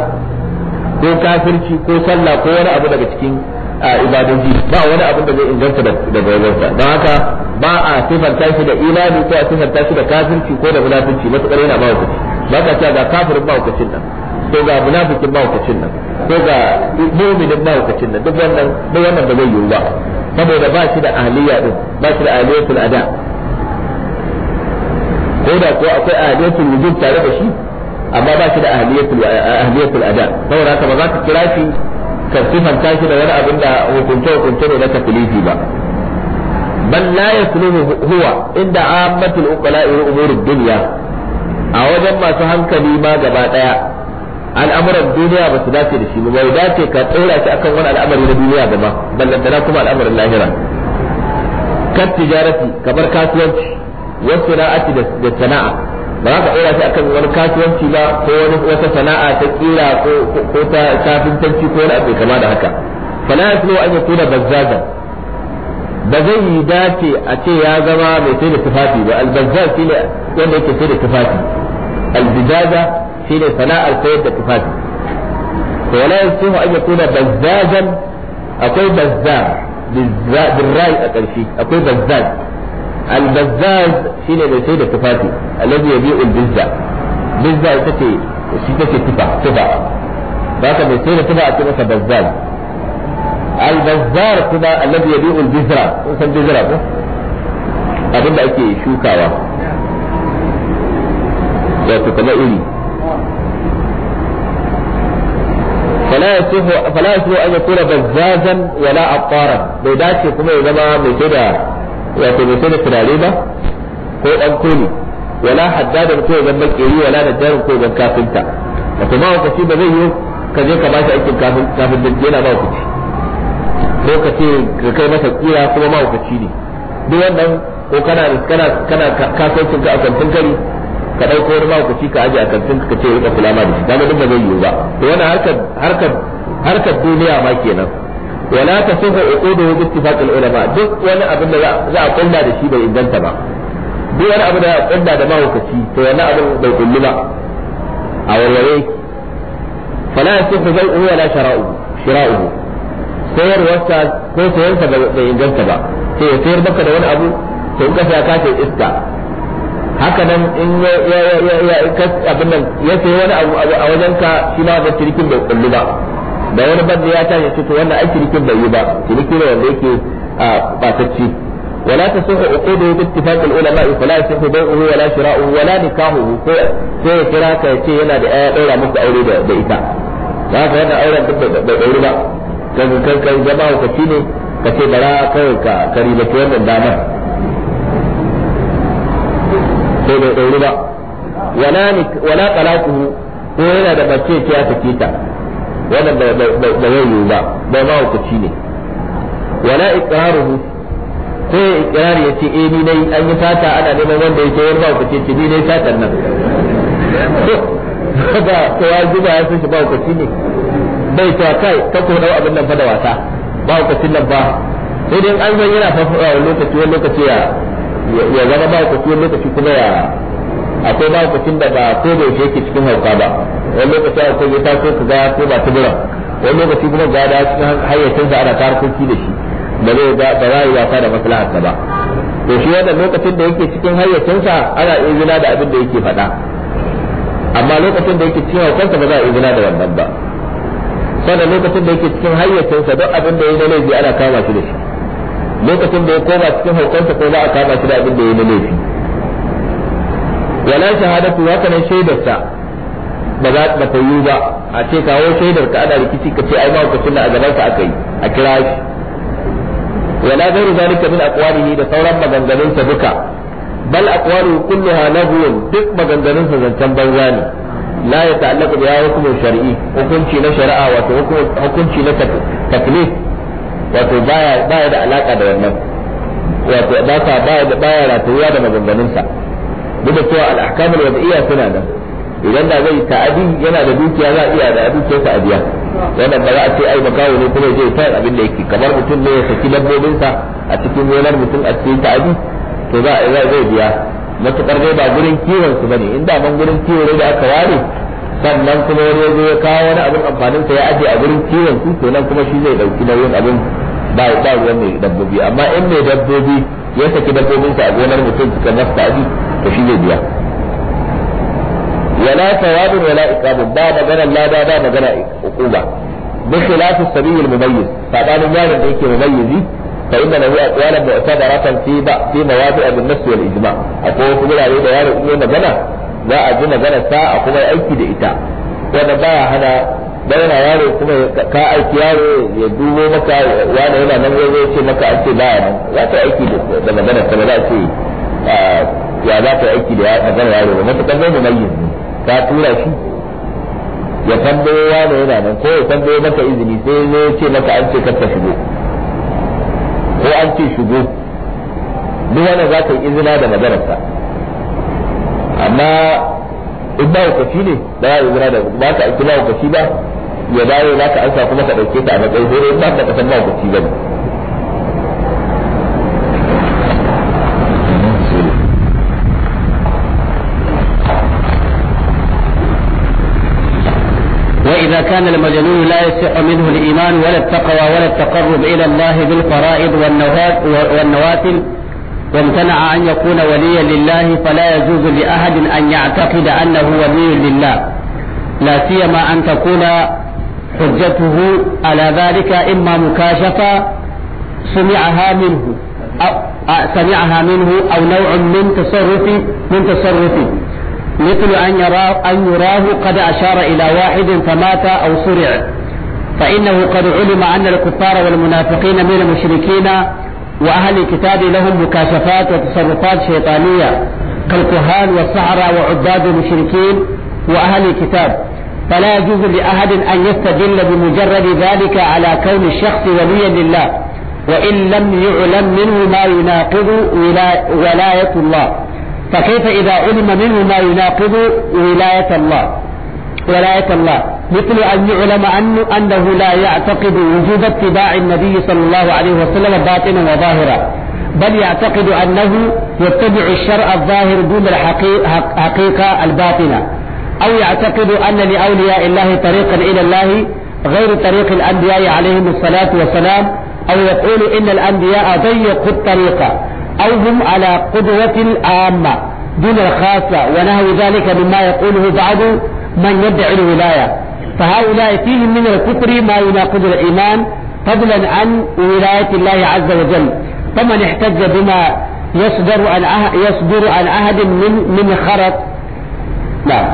ko kafirci ko sallah ko wani abu daga cikin A ibadoji ba wani abin da zai inganta da daga wajensa don haka ba a sifanta shi da imani ko a sifanta shi da kafirci ko da munafici matukar yana ba hukunci ba ka cewa ga kafirin ba hukuncin nan ko ga munafikin ba hukuncin nan ko ga mu'minin ba hukuncin nan duk wannan duk wannan ba zai yiwu ba saboda ba shi da ahliya din ba shi da ahliyatul ada ko da ko akwai ahliyatul wujud tare da shi amma ba shi da ahliyatul ahliyatul ada saboda haka ba za ka kira shi ka sifanta shi da wani abin da hukunta-hukunta hukunce ne na taklifi ba bal la yasluhu huwa inda ammatul uqala ila umurud dunya a wajen masu hankali ma gaba daya al'amuran duniya ba su dace da shi ba bai dace ka tsora shi akan wani al'amari na duniya ba ma ballantana kuma al'amarin lahira kan tijarati kamar kasuwanci wasu sana'ati da sana'a ba za ka ɗora shi akan wani kasuwanci ba ko wani wata sana'a ta kira ko ta kafintanci ko wani abu kama da haka fala yaslu an yakuna bazzazan ba zai yi dace a ce ya zama mai sai da tufafi ba albazzaz shine wanda yake sai da tufafi shi ne sana'ar sayar da tufafi wala yaslu an yakuna bazzazan akwai bazzar بالراي a ƙarshe akwai بزاز البزاز شنو اللي سيد التفاتي الذي يبيع البزة بزة تتي تتي تبع تبع ذاك اللي تبع تبع بزاز البزار تبع الذي يبيع البزرة اسم بزرة أبدا أكي شو كاوا فلا يسوه فلا يسوه أن يكون بزازا ولا عطارا بيداتي كما يزمع بسيدة wato bai sai da turare ba ko dan koli wala haddadan ko ga bakeri wala najjarin ko ga kafinta wato ba wakaci ba zai yi ka je ka bashi aikin kafin kafin da yana ba wakaci ko ka ce ka kai masa kira kuma ma wakaci ne duk wannan ko kana kana kana kasuwancin ka a kantin kari ka dauko wani mawukaci ka aje a kantin ka ce rika kula ma da shi kaga duk ba zai yi ba to wannan harkar harkar harkar duniya ma kenan wala tasihhu uquduhu bi ittifaq ulama duk wani abin da za a kulla da shi bai inganta ba duk wani abin da za a kulla da mahaukaci to wani abin bai kullu ba a warware fala yasihhu bai'uhu wala shara'uhu shira'uhu sayarwarsa ko sayarsa bai inganta ba sai sayar maka da wani abu to in ka iska haka in ya ya nan ya sayi wani abu a wajenka shi ma ba cinikin bai kullu ba wani banda ya tashi ce to wannan ai cinikin bai yi ba ciniki da wanda yake a batacci ولا تصح عقوده باتفاق العلماء فلا يصح بيعه ولا شراؤه ولا نكاحه sai ya kira ka ya ce yana da ɗaya ɗaura muku aure da ita ba ka yana auren duk da ɗauri ba kan kan kan ka hukaci ne ka ce bara kawai ka ka ribaci wannan damar sai bai ɗauri ba wala talaquhu ko yana da mace ce ya sake ta wannan da zai yiwu ba ba ma hukunci ne wala iqraruhu ko ya iqrari ya ce eh ni dai an yi fata ana neman wanda yake yar ba hukunci ce ni dai fatan nan ba ko ya zuba ya san shi ba hukunci ne bai ta kai ka ko dau abin nan fa da wasa ba hukuncin nan ba sai dai an zan yana fafa lokaci wani lokaci ya ya zama ba hukunci wani lokaci kuma ya akwai ba hukuncin da ba ko da yake cikin hauka ba wani lokaci a kai ya taso ka ga ko ba tubura wani lokaci kuma ga da cikin hayyacinsa ana tarkoki da shi ba zai ga ba za yi wasa da maslaharsa ba to shi wannan lokacin da yake cikin hayyacinsa ana izina da abin da yake faɗa amma lokacin da yake cikin haukansa ba za a izina da wannan ba sannan lokacin da yake cikin hayyacinsa duk abin da ya yi na laifi ana kama shi da shi lokacin da ya koma cikin haukansa ko za a kama shi da abin da ya yi na laifi wala shahadatu haka nan shaidarsa ba za ba ta yi ba a ce kawo shaidar ka ana rikici ka ce ai ma hukuncin da a gaban ka aka yi a kira shi wala gairu zalika min aqwalihi da sauran maganganun sa duka bal aqwaluhu kulluha lahwun duk maganganun sa zancen banza ne la ya ta'allaqu bi hukumin shar'i hukunci na shari'a wato hukunci na taklif wato baya baya da alaka da wannan wato ba ta baya da baya ratayuwa da maganganun sa duk da cewa al-ahkamul wad'iyya suna da. idan da zai ta'adi yana da dukiya za a iya da dukiyar sa adiya wannan ba za a ce ai makawo ne kuma zai tayar abin da yake kamar mutum ne ya saki dabbobinsa a cikin gonar mutum a cikin ta'adi to za a zai biya matukar dai ba gurin kiwon su bane inda man gurin kiwo ne da aka ware sannan kuma wani ya zo ya kawo wani abin amfanin sa ya aje a gurin kiwon su to nan kuma shi zai dauki nauyin abin ba ya ba ruwan dabbobi amma in mai dabbobi ya saki dabbobinsa a gonar mutum suka masa ta'adi to shi zai biya wala thawabun wala iqabun ba magana lada ba magana hukuma bi khilaf as-sabiy al-mumayyiz fadanin yaron da yake mumayyizi fa inna lahu aqwalan mu'tabaratan fi ba fi mawadi'a bin-nass wal-ijma' akwai wasu gurare da yaron in magana za a ji magana sa a kuma aiki da ita wanda baya hana bayan yaro kuma ka aiki yaro ya dubo maka wani yana nan zai ce maka an ce baya nan za aiki ba za a ce ya za aiki da yaro ba matuƙar zai ka tura shi ya tambayo ya da yana nan ko ya tambayo maka izini sai zo ya ce maka an ce ka shigo ko an ce shigo duk wanda za ka yi izina da maganarsa amma in ba hukaci ne ba ya izina da ba ka aiki ba hukaci ba ya dawo za ka ansa kuma ka ɗauke ta a matsayin sai in ba ka san ba hukaci ba ne كان المجنون لا يصح منه الإيمان ولا التقوى ولا التقرب إلى الله بالفرائض والنوافل وامتنع أن يكون وليا لله فلا يجوز لأحد أن يعتقد أنه ولي لله لا سيما أن تكون حجته على ذلك إما مكاشفة سمعها منه أو سمعها منه أو نوع من تصرف من تصرفه مثل أن يراه, أن يراه قد أشار إلى واحد فمات أو صرع فإنه قد علم أن الكفار والمنافقين من المشركين وأهل الكتاب لهم مكاشفات وتصرفات شيطانية كالكهان والسحرة وعباد المشركين وأهل الكتاب فلا يجوز لأحد أن يستدل بمجرد ذلك على كون الشخص وليا لله وإن لم يعلم منه ما يناقض ولاية الله فكيف إذا علم منه ما يناقض ولاية الله ولاية الله مثل أن يعلم أنه, أنه لا يعتقد وجوب اتباع النبي صلى الله عليه وسلم باطنا وظاهرا بل يعتقد أنه يتبع الشرع الظاهر دون الحقيقة الباطنة أو يعتقد أن لأولياء الله طريقا إلى الله غير طريق الأنبياء عليهم الصلاة والسلام أو يقول إن الأنبياء ضيقوا الطريقة أو هم على قدوة العامة دون الخاصة ونحو ذلك مما يقوله بعض من يدعي الولاية فهؤلاء فيهم من الكفر ما يناقض الإيمان فضلا عن ولاية الله عز وجل فمن احتج بما يصدر عن أه- يصدر عن أحد من من خرق لا نعم.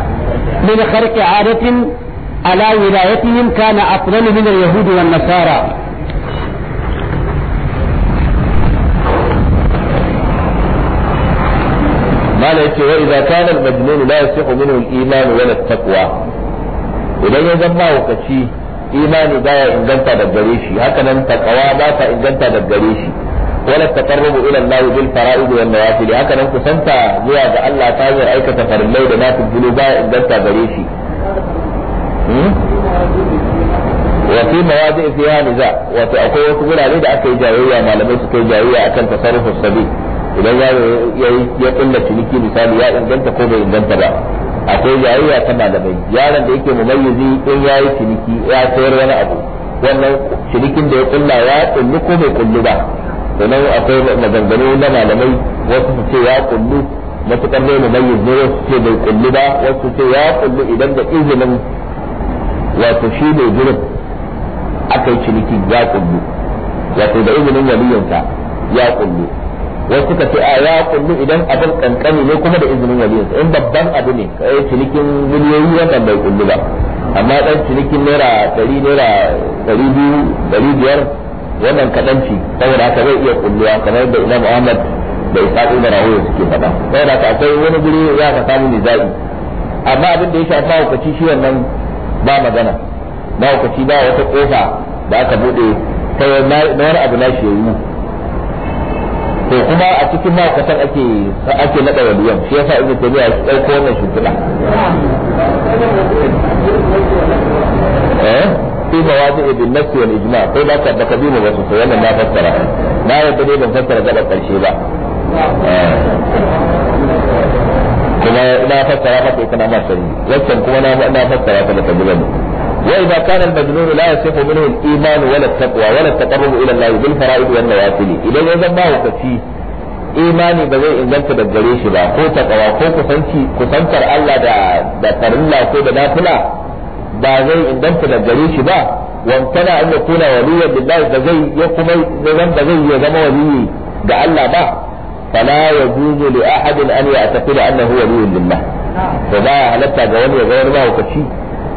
من خرق عادة على ولايتهم كان أفضل من اليهود والنصارى يتي وإذا كان المجنون لا يصح منه الإيمان ولا التقوى idan ya zama wakaci imani baya inganta da gare shi haka nan takawa ba ta inganta da gare shi wala taqarrubu ila Allah bil fara'id wal nawafil haka nan kusanta zuwa ga Allah ta hanyar aikata farillai da nafil bulu baya inganta gare shi wa fi mawadi' fiha niza wato akwai wasu gurare da aka yi jayayya malamai suka yi jayayya akan tasarrufus sabi' idan ya kulla ciniki misali ya inganta ko bai inganta ba akwai jayayya ta malamai yaron da yake mumayyizi in ya yi ciniki ya sayar wani abu wannan cinikin da ya kulla ya kullu ko bai kullu ba sannan akwai maganganu na malamai wasu su ce ya kullu matukar ne mumayyiz ne wasu ce bai kullu ba wasu ce ya kullu idan da izinin wato shi ne gurin aka yi ciniki ya kullu wato da izinin waliyansa ya kullu wasu suka ce a ya kullu idan abin kankani ne kuma da izinin waliyin in babban abu ne kai cinikin miliyoyi wannan bai kullu ba amma dan cinikin naira 100 naira 200 biyar wannan kadanci saboda haka zai iya kulluwa kamar da Imam Ahmad da Ishaq ibn Rawiya suke faɗa saboda haka akwai wani guri za ka samu nizai amma abin da ya shafa hukaci shi wannan ba magana ba hukaci ba wata kofa da aka bude na wani abu na shi yayi to kuma a cikin ma kasar ake ake nada waliyan shi yasa ibnu tabiya ya dauko wannan shugaba eh fi mawadi'i ibn nafsi wal ijma ko ba ka da bi mu wasu to wannan na fassara na yadda dai ban fassara gaba karshe ba eh. kuma na fassara maka ita na masani wannan kuma na fassara ta da kabilan ne وإذا كان المجنون لا يصح منه الإيمان ولا التقوى ولا التقرب إلى الله بالفرائض والنوافل إذا ما هو كفي إيماني بغي إن جنت بالجريش با هو تقوى هو كسنتي كسنتر ألا دا دا ترلا كو دا نافلا بغي إن جنت بالجريش با وامتنع أن يكون وليا لله بغي يقوم يزن بغي يزن ولي دا ألا با فلا يجوز لأحد أن يعتقد أنه ولي لله نعم. فذا هلتا جواني غير ما هو كفي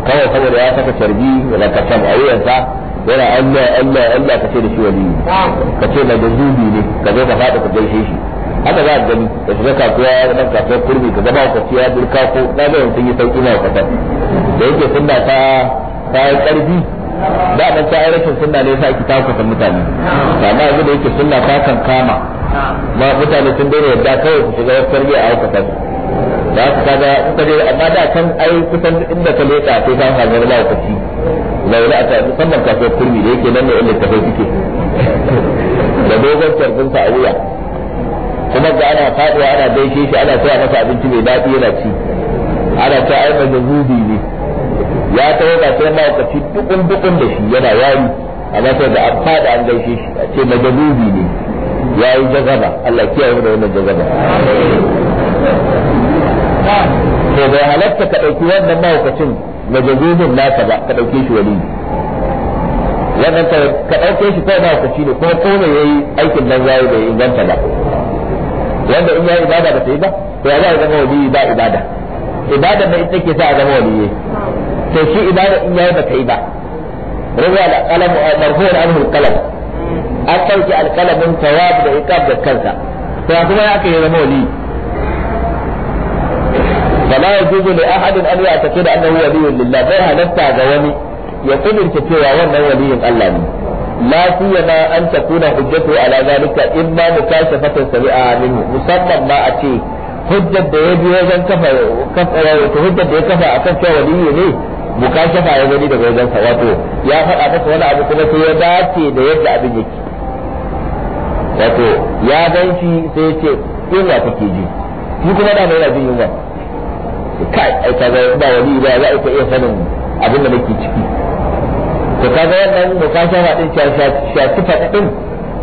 kawai saboda ya saka carbi da katam a wuyansa yana Allah Allah Allah ka ce da shi wali ka ce mai da zubi ne ka zo ka fada ka gaishe shi haka za a gani ka shiga kasuwa nan kasuwar kurmi ka zama ka ciya burka ko na ga sun yi sauki na kasa da yake sunna ta ta yi karfi da ban ta rashin sunna ne yasa ake ta kusa mutane amma yanzu da yake sunna ta kan kama ma mutane sun daina yadda kawai su shiga wasu tarbiyya a aikata su da haka kaga kuka je amma da kan ai kusan inda ka leka sai ka hangar lokaci zaune a ta musamman kasuwar kurmi da yake nan ne inda tafai suke da dogon tarbin sa a wuya kuma ga ana faduwa ana gaishe shi ana saya masa abinci mai daɗi yana ci ana ta ai mai zubi ne ya tawo ga sai ci dukun dukun da shi yana yayi amma sai da an fada an gaishe shi a ce na zubi ne ya yi jazaba Allah kiyaye mu da wannan jazaba to bai halatta ka ɗauki wannan mahaukacin majazuzin nasa ba ka ɗauke shi wali wannan ka ɗauke shi kawai mahaukaci ne kuma ko ne yayi aikin nan yayi bai inganta ba wanda in yayi ibada ba ta yi ba to ya za zama wali ba ibada ibada ne ita ke sa a zama wali to shi ibada in yayi ba ta yi ba rubuwa al-qalam marfu'un anhu al-qalam an ɗauke alƙalamin tawab da iqab da kansa to kuma ya kai zama wali فلا يجوز لأحد أن يعتقد أنه ولي لله بل هلتا غواني يقول انت ga وانا ولي الله لا سيما أن تكون حجته على ذلك إما مكاشفة سريعة منه مسمى ما أتي hujjar da ya bi wajen kafa wato hujjar da ya kafa akan cewa waliyu ne mukashafa ya gani daga wajen sa wato ya faɗa masa wani abu kuma sai ya dace da yadda abin yake wato ya shi shi kuma da kai ai ka ga ba wani ba za ka iya sanin abin da nake ciki to ka ga wannan mukashara din shafi fadin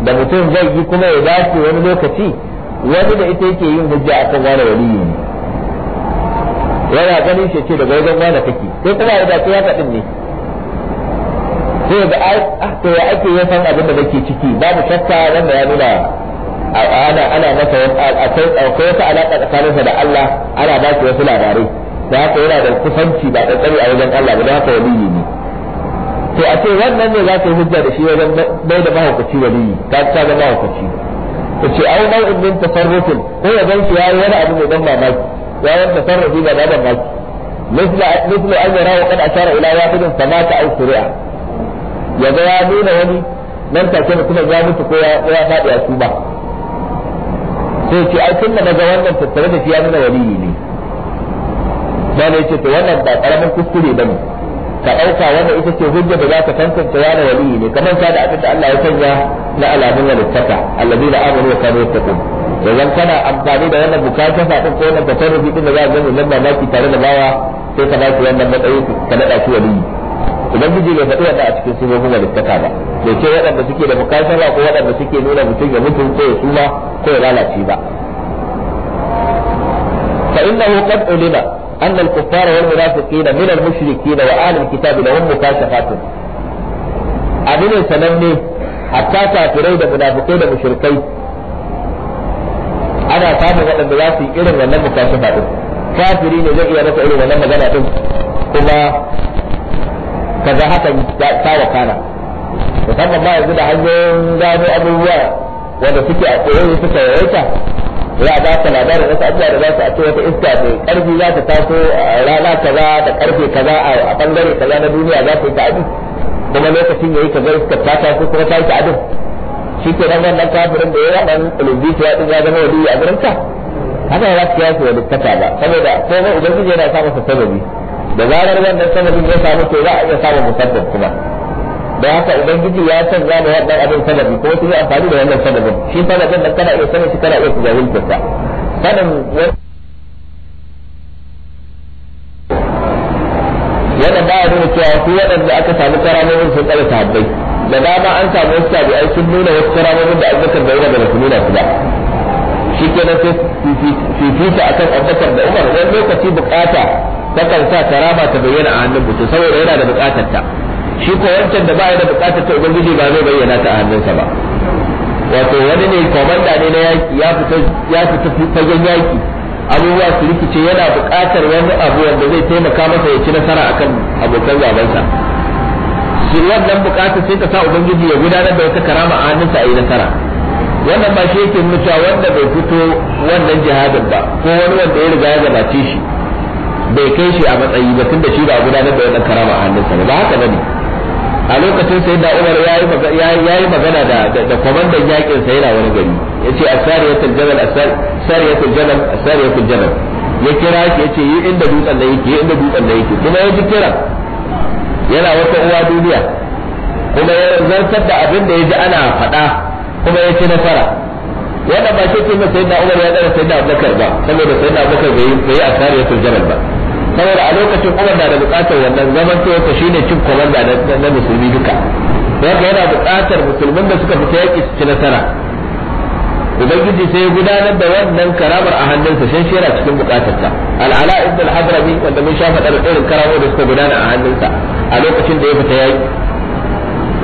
da mutum zai yi kuma ya dace wani lokaci wani da ita yake yin hujja akan wani waliyi ne yana ganin shi ce daga wajen wani kake ko kuma ya dace ya fadin ne sai ga ai ah, to ya ake yasan abin da nake ciki babu shakka wanda ya nuna ana ana masa akwai akwai wata alaka tsakaninsa da Allah ana ba shi wasu labarai da haka yana da kusanci ba tsakani a wajen Allah ba da haka waliyi ne to a ce wannan ne za ka yi hujja da shi wajen bai da mahaukaci waliyi ka ta ga mahaukaci ta ce au nau'in min tasarrufin ko ya gan shi yayi wani abu mai ban mamaki ya wani tasarrufi ba ban mamaki مثل مثل أن يراه قد أشار إلى sama فمات أو سرع ya ga ya nuna wani nan take mutum ya mutu ko ya faɗi a ba. sai ce ai tunda naga wannan tattare da shi ya nuna waliyi ne da ne ce to wannan ba karamin kuskure ne ka ɗauka wannan ita ce hujja da za ka tantance yana waliyi ne kamar sada da abin da Allah ya sanya na alamun walittaka alladina amanu wa kanu kuma yanzu kana amfani da wannan mukatafa din ko wannan tasarrufi din da za ka gani nan ba tare da bawa sai ka ba shi wannan matsayi ka nada shi waliyi ubangiji bai faɗi wannan a cikin sifofin walittaka ba bai ce waɗanda suke da mukasara ko waɗanda suke nuna mutum ya mutum ko ya suma ko ya lalace ba fa innahu qad ulima anna al-kuffara wal munafiqina min al-mushrikina wa ahli al-kitabi lahum mukashafatun abin sananne hatta kafirai da munafikai da mushrikai ana samun waɗanda za su yi irin wannan mukashafa din kafiri ne zai iya rasa irin wannan magana din kuma kaza haka ta wakana musamman ma yanzu da hanyoyin gano abubuwa wanda suke a koyo suka yawaita ya ba ka labarin wasu abubuwa da za su ake wata iska mai karfi za ta taso a rana kaza da karfe kaza a bangare kaza na duniya za su yi ta'adi kuma lokacin yayi kaza iska ta taso kuma ta yi ta'adi shi ke nan wannan kafirin da ya yi wannan olympic ta ɗin ya zama wali a gurin ka haka ya za su yi wani kata ba saboda komai ubangiji yana sa masa sababi da zarar wannan sanadin ya samu to za a iya samun musabbab kuma da haka idan gidi ya san za mu wannan abin sanadi ko sai amfani da wannan sanadin shi sanadin da kana iya sanin shi kana iya tijawilta sa sanin yana ba a nuna cewa su waɗanda aka samu karamomin sun ƙara sahabbai da dama an samu wasu tabi'ai sun nuna wasu karamomin da abubakar da yana da su nuna su ba shi kenan sai fifita akan abubakar da umar wani lokaci bukata takan sa karama ta bayyana a hannun mutum saboda yana da bukatar ta shi ko wancan da ya da bukatar ta ubangiji ba zai bayyana ta a hannunsa ba wato wani ne komanda ne na yaki ya fita ya fita fagen yaki abubuwa su rikice yana bukatar wani abu wanda zai taimaka masa ya ci nasara akan abokan gabansa shi wannan bukatar sai ta sa ubangiji ya gudanar da wata karama a hannunsa a yi nasara wannan ba shi yake nuna wanda bai fito wannan jihadin ba ko wani wanda ya riga ya gabace shi bai kai shi a matsayi ba tun da shi ba gudanar da wannan karama a hannunsa ba ba haka bane a lokacin sai da Umar yayi magana da da kwamandan yakin sa yana wani gari yace asariyatul jabal asariyatul jabal asariyatul jabal ya kira shi yace yi inda dutsen da yake inda dutsen da yake kuma ya ji kira yana wata uwa duniya kuma ya zartar da abin da ya ji ana faɗa kuma ya ci nasara wannan ba ce ce sai da Umar ya tsara sai da Abubakar ba saboda sai da Abubakar bai bai asari ya suljaran ba saboda a lokacin Umar na da bukatar wannan zaman to ta shine cin komanda na musulmi duka haka yana bukatar musulmin da suka fita yaki su ci nasara ubangiji sai ya gudanar da wannan karamar a hannunsa sai shi yana cikin bukatarsa al'ala ibn al-hadrami wanda mun sha faɗar irin karamo da suka gudana a hannunsa a lokacin da ya fita yaki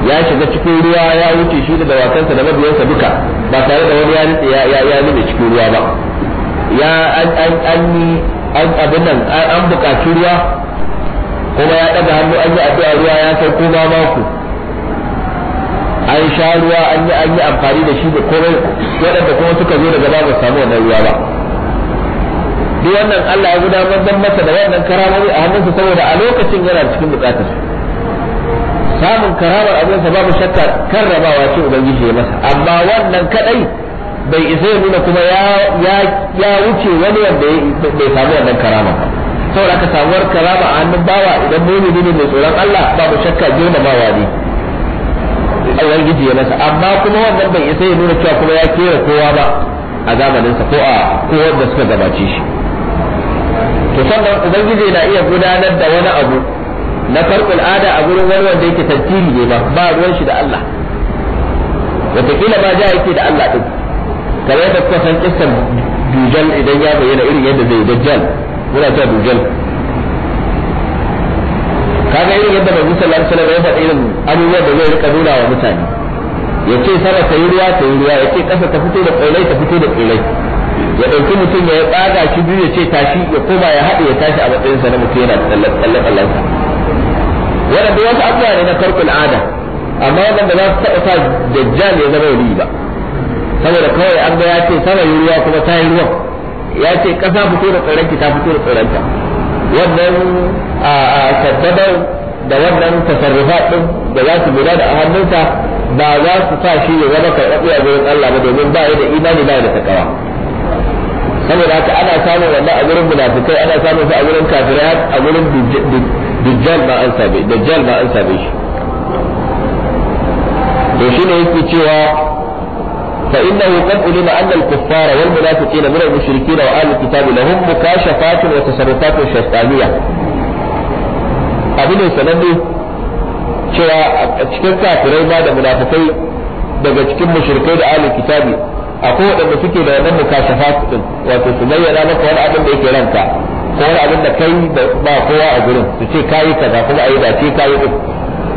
ya shiga cikin ruwa ya wuce shi da dawakansa da mabiyansa duka ba tare da wani ya nutse ya ya cikin ruwa ba ya an an an abin nan an buƙaci ruwa kuma ya ɗaga hannu an yi addu'a ruwa ya kai koma mako an sha ruwa an yi an yi amfani da shi da komai waɗanda kuma suka zo daga ba samu wannan ruwa ba duk wannan Allah ya gudanar dan masa da wannan karamomi a hannunsa saboda a lokacin yana cikin bukatar samun karamar abinsa babu shakka karrabawa ce ubangiji ya masa amma wannan kadai bai isa ya nuna kuma ya wuce wani wanda bai samu wannan karama ba saboda ka samuwar karama a hannun bawa idan mumini ne mai tsoron Allah ba mu shakka girmamawa ne ubangiji ya masa amma kuma wannan bai isa ya nuna cewa kuma ya kera kowa ba a zamaninsa ko a ko wanda suka gabace shi to sannan ubangiji na iya gudanar da wani abu na farkul al'ada a gurin wani wanda yake tantiri ne ba ba ruwan shi da Allah wataƙila ba ja yake da Allah din kamar yadda kuka san kissan dujal idan ya bayyana irin yadda zai dajjal muna ta dujal kaga irin yadda manzo sallallahu alaihi wasallam ya faɗa irin abubuwan da zai rika nuna wa mutane ya ce sama ta yi ruwa ta yi ruwa ya ce ƙasa ta fito da ƙailai ta fito da ƙailai ya ɗauki mutum ya tsaga shi biyu ya ce tashi ya koma ya haɗe ya tashi a matsayinsa na mutum yana tsalle-tsallensa waɗanda wasu abubuwa ne na farko al'ada amma waɗanda za su taɓa sa dajjal ya zama wali ba saboda kawai an ga ya ce sama yi ruwa kuma ta yi ruwa ya ce ƙasa fito da tsoronki ta fito da tsoronta wannan a saddabar da wannan tasarrufa ɗin da za su guda da a hannunsa ba za su sa shi ya zama karɓaɓɓe a gurin Allah ba domin ba ya da imani ba ya da takawa saboda haka ana samun wannan a gurin munafikai ana samun su a gurin kafirai a gurin dajjal ba an sabe dajjal ba an sabe shi to shine yake cewa fa فإنه قد علم أن الكفار والمنافقين من المشركين وأهل الكتاب لهم مكاشفات وتصرفات شيطانية abin sananne cewa a cikin kafirai ma da munafikai daga cikin mushrikai da ahlul kitabi akwai waɗanda suke da wannan mukashafat din wato su bayyana maka wani abin da yake ranka ko wani abin da kai ba kowa a gurin su ce kayi kaza kuma ayi dace kayi duk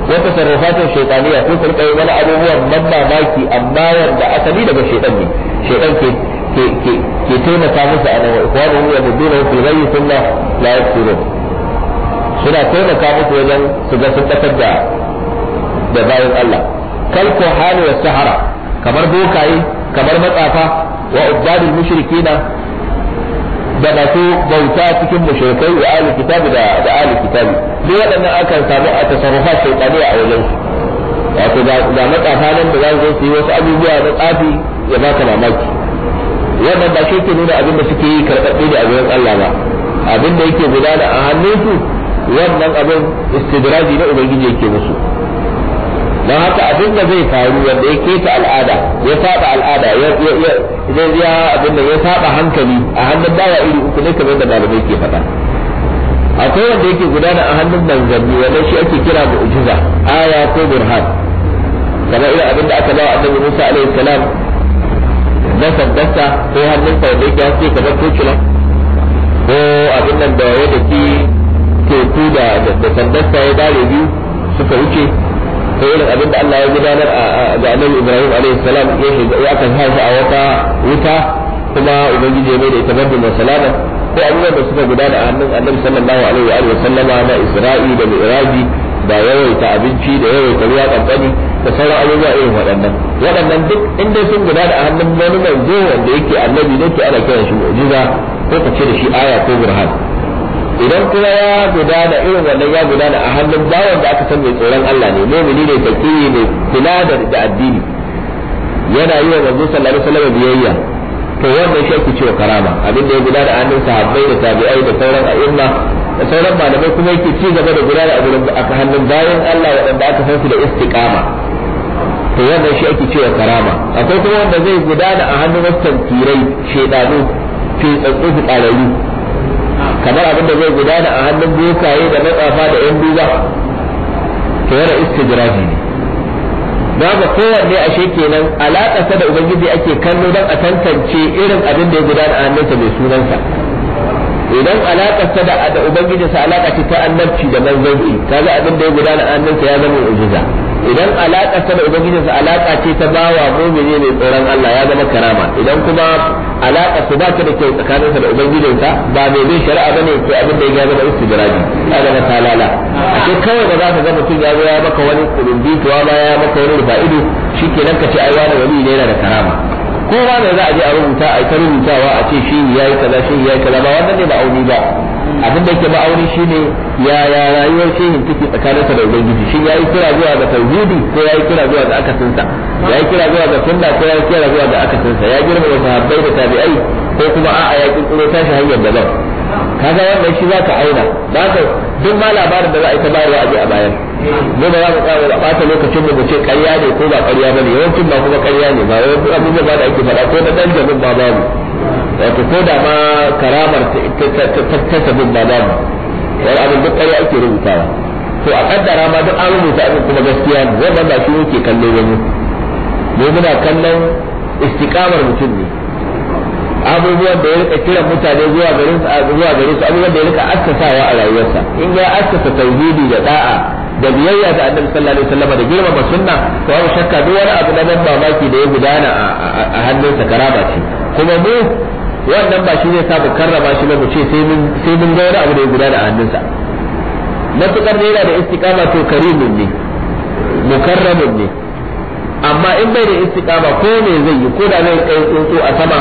wata sarrafatin shaytaniya sun su rika wani abubuwan ban mamaki amma wanda asali daga shaytan ne shaytan ke ke taimaka musu a nan wa hum yabduna fil ghayyi thumma la yaqulun suna taimaka musu wajen su ga sun batar da da bayan Allah kal ko halu sahara kamar bokaye kamar matsafa wa ubadul mushrikina da masu bauta cikin mushrikai da ahli kitabi da da ahli kitabi duk waɗannan akan samu a tasarrufat shaytaniya a wajen su wato ga matsafa da za zo su yi wasu abubuwa na tsafi ya baka mamaki wannan ba shi ke nuna abin da suke yi karɓaɓɓe da abin Allah ba abin da yake gudana a hannun su wannan abin istidraji na ubangiji yake musu don haka abin da zai faru wanda ya keta al'ada ya saba al'ada ya ya abin da ya saba hankali a hannun bawa iri uku ne kamar da malamai ke faɗa akwai wanda yake gudana a hannun manzanni wanda shi ake kira mu'jiza aya ko burhan kamar irin abin da aka bawa annabi Musa alaihi salam na sandarsa ko hannunsa wanda yake haske kamar tokila ko abin nan da ya daki teku da sandasta ya dare biyu suka wuce da irin abin da Allah ya gudanar ga annabi Ibrahim alaihi salam ya shiga ya kan haifa a wata wuta kuma ubangiji ya mai da ita barkin salama ko abubuwan da suka gudana a hannun annabi sallallahu alaihi wa sallama na Isra'i da Mi'raji da yawaita abinci da yawaita ruwa kankani da sauran abubuwa irin waɗannan waɗannan duk inda sun gudana a hannun wani manzo wanda yake annabi ne ke ana kiran shi mu'jiza ko ka ce da shi aya ko burhan idan kuma ya guda da irin wannan ya gudana a hannun bawan da aka san mai tsoron Allah ne mu'mini ne fakiri ne kula da addini yana yi wa manzo sallallahu alaihi wasallam biyayya to wannan shi ake cewa karama abin da ya guda da hannun sahabbai da tabi'ai da sauran a'imma da sauran malamai kuma yake ci gaba da gudana a gurin aka hannun bayan Allah waɗanda aka san su da istiqama to wannan shi ake cewa karama akwai kuma wanda zai guda gudana a hannun wasu tantirai shedanu fi tsantsu su ƙararru kamar abin da zai gudana a hannun bokaye da matsafa da yan duba to yana istidraji ne ba kowanne ashe kenan alaƙarsa da ubangiji ake kallo don a tantance irin abin da ya gudana a hannunsa mai sunansa idan alaƙarsa da da ubangijinsa alaƙa ce ta annabci da manzanci kaga abin da ya gudana a hannunsa ya zama ujiza idan alaƙarsa da ubangijinsa alaƙa ce ta bawa mumini mai tsoron Allah ya zama karama idan kuma alaka su ba ta da kyau tsakaninsa da ubangijinsa ba mai bin shari'a ne sai abin da ya zama istidraji ya zama ta lala ce kawai ba za ka ga mutum ya zo ya maka wani kurumbi tuwa ma ya maka wani rufa ido shikenan ka ce ai wani wali ne yana da karama ko ba ne za a je a rubuta a ta rubutawa a ce shi ya yi kaza shi ya yi kaza ba wannan ne ba auni ba abin da yake ma'auni shine ya rayuwar shehin take tsakaninsa da ubangiji shi yayi kira zuwa ga tauhidi ko yayi kira zuwa ga akasinsa yayi kira zuwa ga sunna ko yayi kira zuwa ga akasinsa ya girma da sahabbai da tabi'ai ko kuma a'a ya kirkiro tashi hanyar da zan kaga wannan shi zaka aina zaka duk ma labarin da za a yi ta bayarwa a je a bayan mu ba za mu kawo da bata lokacin mu mu ce ƙarya ne ko ba karya bane yawancin ba kuma karya ne ba yawancin abubuwa da ake faɗa ko da dan jabin ba babu wato ko da ma karamar ta sabin ba wani abin duk ɗaya ake rubutawa to a kaddara ma duk an rubuta abin kuma gaskiya zai ban shi yake kallo wani mu muna kallon istikamar mutum ne abubuwan da ya rika kiran mutane zuwa garin zuwa garin su abubuwan da ya rika askasawa a rayuwarsa in ya askasa tauhidi da da'a da biyayya da annabi sallallahu alaihi wasallam da girmama sunna to babu shakka duk wani abu na ban mamaki da ya gudana a hannunsa karama ce kuma mu wannan ba shi ne sa mu karrama shi ba mu ce sai mun sai mun ga wani abu da ya gudana a hannunsa matukar ne yana da istiqama to karimun ne mukarramun ne amma in bai da istiqama ko me zai yi ko da zai kai tsotso a sama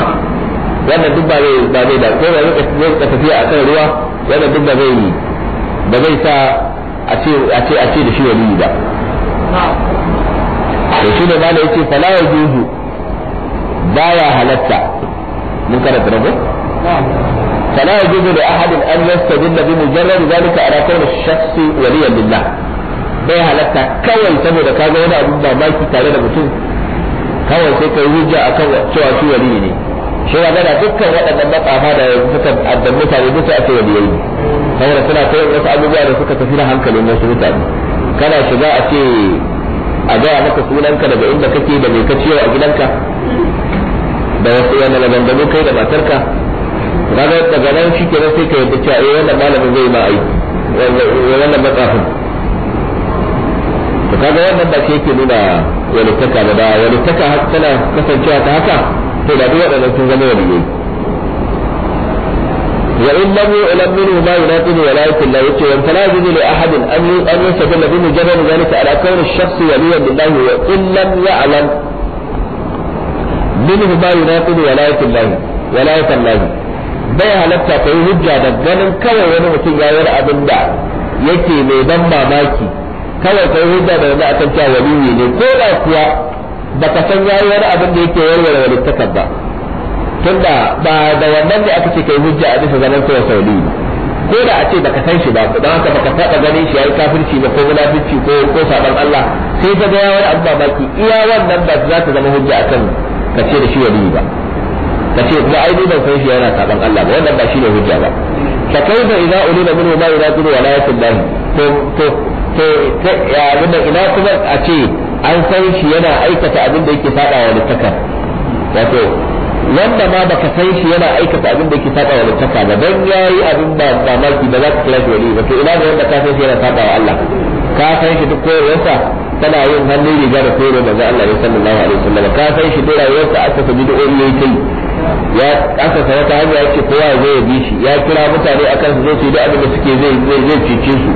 wannan duk ba zai ba zai da ko da zai ka tafiya kan ruwa wannan duk ba zai ba zai sa a ce a ce a ce da shi wani ba to shi ne malai yake fala yajuzu baya halatta mun karanta na gun فلا يجوز لأحد أن يستدل بمجرد ذلك على كون الشخص وليا لله bai halatta kawai saboda ka ga wani abin mamaki tare da mutum kawai sai ka yi hujja akan cewa shi wali ne shi ya gana dukkan waɗannan matsafa da suka addan mutane duk a ce waliyai saboda suna kai wasu abubuwa da suka tafi na hankalin wasu mutane kana shiga a ce a gaya maka sunanka daga inda kake da mai ka ciyo a gidanka da wasu yana maganganu kai da matarka kaga daga nan shi kenan sai ka yadda cewa eh wannan malamin zai ma aiki wannan matsafin to kaga wannan ba shi yake nuna walittaka ba da walittaka tana kasancewa ta haka to da duk waɗannan sun zama waliyai وإن لم يعلم منه ما يناقض ولاية الله يتوى فلا يجوز لأحد أن أن يستدل به جبل ذلك على كون الشخص وليا لله وإن لم يعلم minhu ma yunaqidu walayatul lahi walayatul lahi bai halatta kai hujja da ganin kawai wani mutum ya yi abin da yake mai ban mamaki kawai kai hujja da wanda ne ko kuwa baka san yi wani abin da yake warware wani ba tunda ba da wannan ne aka ce kai hujja a bisa zaman kawai sauli ko da a ce baka san shi ba don haka baka taɓa ganin shi yayi kafirci ba ko munafici ko ko saban Allah sai ka ga wani abin mamaki iya wannan ba za ta zama hujja akan ka ce da shi wali duba ka ce kuma ai ni ban san shi yana saban Allah ba wannan ba shi ne hujja ba fa kaifa idza ulida minhu ma yuradu wa la yasbahi to to to ya abinda ina kuma a ce an san shi yana aikata abin da yake fada wa littaka wato wanda ma baka san shi yana aikata abin da yake fada wa littaka ba dan yayi abin ba mamaki ba za ka kira shi wali ba to ina da wanda ka san shi yana fada wa Allah ka san shi duk koyarwarsa tana yin hannun riga da koyarwa manzo Allah ne sallallahu alaihi wasallam ka san shi duk rayuwarsa aka sabi da omi kai ya aka sa ta hanya yake kowa zai bi shi ya kira mutane akan su zai ce duk abin da suke zai zai zai cece su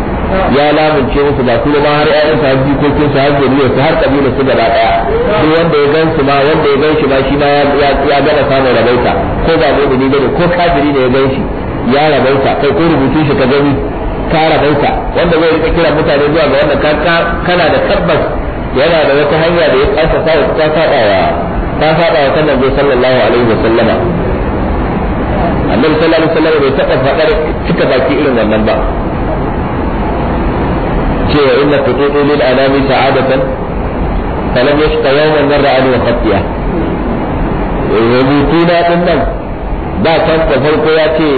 ya lamince musu ba su ma har ƴaƴan sa jikokin sa har zuriyar su har kabila su gaba daya duk wanda ya gan su ma wanda ya gan shi ma shi ma ya ya gana samun rabaita ko ba mu'mini bane ko kafiri ne ya gan shi ya rabaita kai ko rubutun shi ka gani ka rabaita wanda zai rika kira mutane zuwa ga wanda ka kana da tabbas yana da wata hanya da ya kasa ta ta fada ta fada wa sannan zai sallallahu alaihi wa sallama annabi sallallahu alaihi wa bai taɓa faɗar cika baki irin wannan ba cewa inna tututu lil anami sa'adatan falam yashqa yawman marra an wa qatiya rubutuna din nan ba kan da farko ya ce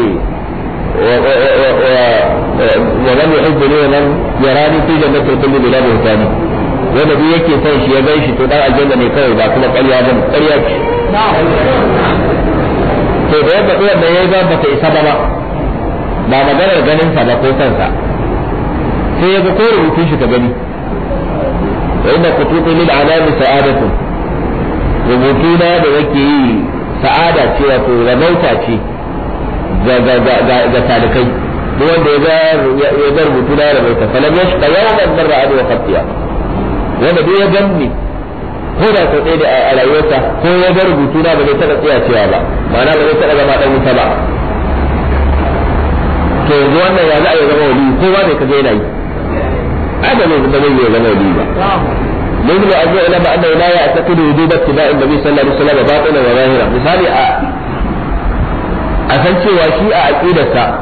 ومن يحبني ومن يراني في جنة كل بلاد وثاني wanda duk yake son shi ya gan to dan aljanna ne kawai ba kuma ƙarya ba ne ƙarya ce to da yadda faɗi wanda ya ga bata isa ba ba ba maganar ganin sa ba ko kansa sai ya ga ko rubutun shi ka gani wa inna kutubi lil anami sa'adatu rubutuna da yake yi sa'ada ce wato rabauta ce ga talikai duk wanda ya ga rubutu na da baita falam ya shiga yawan marra abu wa kafiya wanda duk ya ganni ko da sau ɗaya a rayuwarsa ko ya ga rubutu na ba zai taɓa tsiyacewa ba ma'ana ba zai taɓa zama ɗan wuta ba to yanzu wannan ya za a yi zama wali ko ba zai kaga yana yi ai ba zai zama yi zama wali ba لابن أبي علم أنه لا يعتقد وجوب اتباع النبي صلى الله عليه وسلم باطنا وظاهرا مثالي a san cewa shi a aqidarsa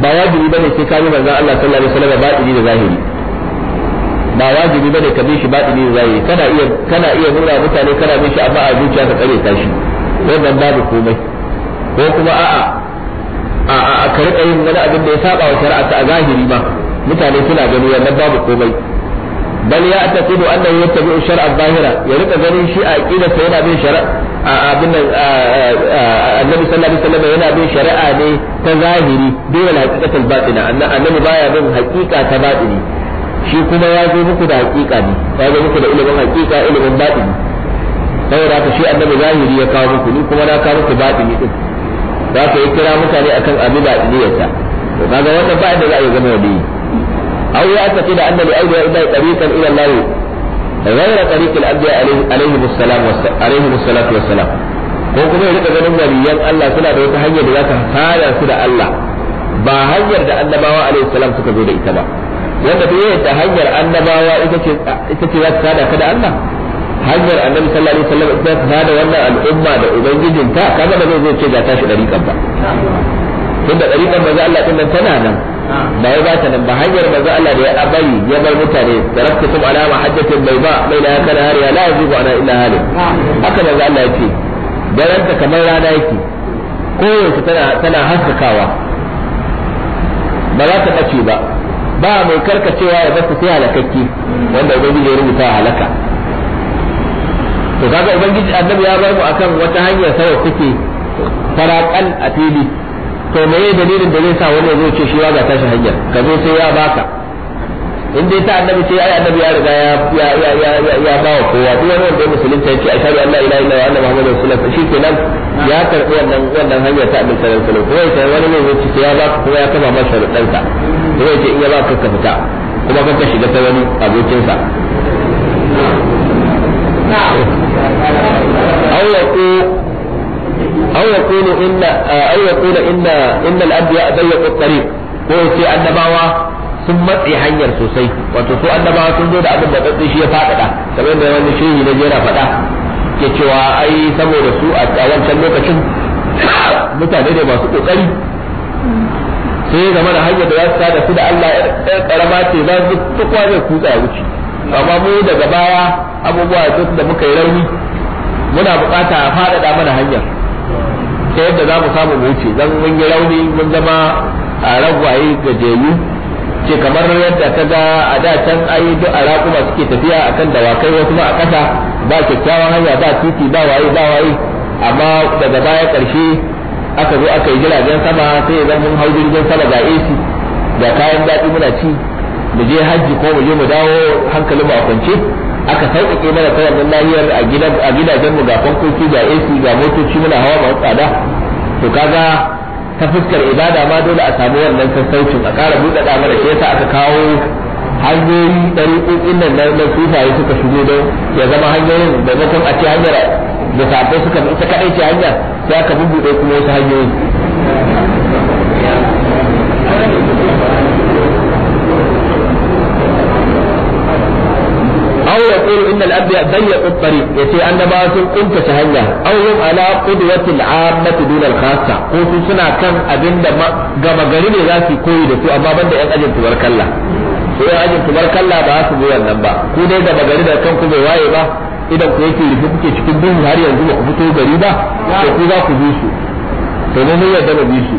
ba wajibi bane sai ka bi manzon Allah sallallahu alaihi wasallam batini da zahiri ba wajibi bane ka bi shi batini da zahiri kana iya kana iya nuna mutane kana bi shi amma a zuciya ka tsare ta shi wannan babu komai ko kuma a'a a a ka rika yin wani abin da ya saba wa shari'a ta a zahiri ba mutane suna gani wannan babu komai bal ya taqidu annahu yattabi'u shar'a zahira ya rika ganin shi a aqida sa yana bin shar'a A nan annabi sallallahu alaihi yana bin shari'a ne ta zahiri dole haqiqatul batina annabi baya ta shi kuma ya zo muku da haqiqa ne ya zo muku da ilimin haqiqa ilimin batini saboda haka shi annabi zahiri ya kawo muku ni kuma na kawo muku batini din za ka yi kira mutane akan abin batiniyarsa to kaga wannan ba da za a yi zama yi. أو يعتقد أن لأولياء الله طريقا إلى الله غير طريق الأنبياء عليهم السلام عليهم الصلاة والسلام ko kuma ya rika ganin waliyan Allah suna da wata hanyar da za ta fara su da Allah ba hanyar da annabawa alaihi salam suka zo da ita ba wanda yi yadda hanyar annabawa ita ce ita ce za ta sada ka da Allah hanyar annabi sallallahu alaihi wasallam ita ta sada wannan al'umma da ubangijinta kaga ba zai zo ce ga tashi dariƙan ba tunda dariƙan manzo Allah din nan tana nan ba ya zata nan ba hanyar manzo Allah da ya bari ya bar mutane taraktukum ala mahajjatin ba mai da kana ya la yajibu ana illa halin haka manzo Allah ya ce daren ta kamar rana yake kowace tana tana haskakawa ba za ta bace ba ba mai karkacewa ya bata sai halakakki wanda ubangiji ya rubuta halaka to kaga ubangiji annabi ya bar mu akan wata hanyar sai take faraƙal a fili to me ye dalilin da zai sa wani ya zo ce shi ya ga tashi hanya ka zo sai ya baka in dai ta annabi sai ai annabi ya riga ya ya ya ya ya ba wa kowa duk wani wanda ya musulunta yake a shari'a Allah ila ila wa annabi Muhammadu sallallahu alaihi wasallam kenan ya karbi wannan wannan hanya ta annabi sallallahu alaihi wasallam ko sai wani ne zai ce ya baka kuma ya kama masa sharuɗan ka zai ce in ya baka ka fita kuma ka shiga ta wani abokinsa sa aw yaqulu inna aw yaqulu inna inna al-anbiya dayyaqu at-tariq ko sai annabawa sun matsi hanyar sosai wato su annabawa sun zo da abin da tsatsi shi ya faɗaɗa kamar yadda wani shehi na jera faɗa ke cewa ai saboda su a wancan lokacin mutane ne masu kokari sai ya zama da hanyar da za su sada su da Allah ɗan ƙarama ce za su ta zai kutsa a wuce amma mu daga baya abubuwa da muka yi rauni muna buƙata a faɗaɗa mana hanyar ta yadda za mu samu mu wuce zan mun yi rauni mun zama a ragwaye gajeyu ce kamar yadda ta ga a da can ai duk a raƙuma suke tafiya akan dawakai wasu ma a ƙasa ba kyakkyawan hanya ba titi ba waye ba waye amma daga baya ƙarshe aka zo aka yi jiragen sama sai zan mun hau jirgin sama ga AC da kayan daɗi muna ci mu je hajji ko mu je mu dawo hankalin mu a kwance aka sauƙaƙe mana ta wannan nahiyar a gidajen mu ga fankoki ga AC ga motoci muna hawa masu tsada to kaga ta fuskar ibada ma dole a samu wannan sassaucin a ƙara buɗe mana shi yasa aka kawo hanyoyi ɗariƙoƙin nan na sufaye suka shigo don ya zama hanyoyin maimakon a ce hanyar da safe suka ita kaɗai ce hanyar sai aka bubbuɗe kuma wasu hanyoyi aw yaqulu innal anbiya dayyaqu at-tariq yace annabawa su kuntace hanya aw yum ala qudwati al-ammati dun al-khassa ko suna kan abinda gama gari ne za su koyi da su amma banda da yan ajin tubarkalla ba su bi nan ba ku dai gama gari da kanku bai waye ba idan ku yake rufe cikin duhu har yanzu ba ku fito gari ba to ku za ku bi su to mun yadda ba bi su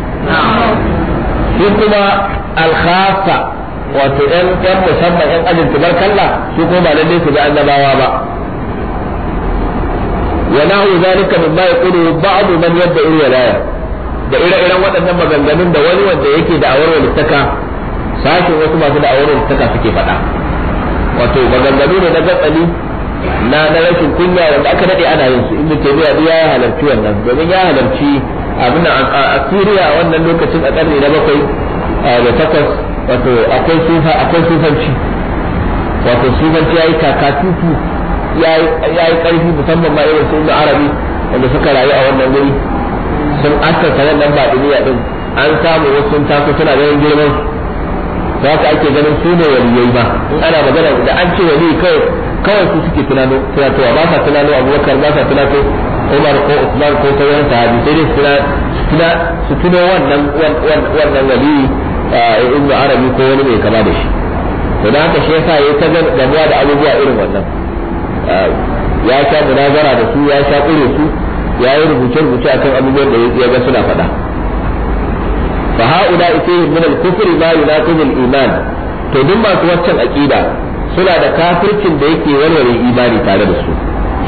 sun kuma al wato yan yan musamman yan ajin tubarkalla su kuma ba lalle su ga annabawa ba wa nahu zalika mimma yaqulu ba'd man yad'i wilaya da ire-iren waɗannan maganganun da wani wanda yake da awar walittaka sashin wasu masu da awar walittaka suke faɗa wato maganganu ne na gatsali na na rashin kunya wanda aka daɗe ana yin su inda tabiya ya halarci wannan domin ya halarci abin a Siriya wannan lokacin a ƙarni na bakwai da takwas wato akwai sufa akwai sufanci wato sufanci yayi kakatutu yayi karfi musamman ma irin sun arabi wanda suka rayu a wannan guri sun aka nan nan ba duniya din an samu wasu sun taso suna ganin girman za ka ake ganin su ne waliyai ba in ana magana da an ce wali kawai kawai su suke tunano tunatowa ba sa tunano abubakar ba sa tunato umar ko usman ko sauran sahabi sai dai su tuno wannan wannan wali ibnu arabi ko wani mai kama da shi to da haka shi yasa yayi ta gamuwa da abubuwa irin wannan ya sha munazara da su ya sha kure su ya yi rubuce-rubuce akan abubuwan da ya ga suna faɗa fa haula fihim min al-kufri ma yunaqidu al-iman to duk masu waccan aqida suna da kafircin da yake warware imani tare da su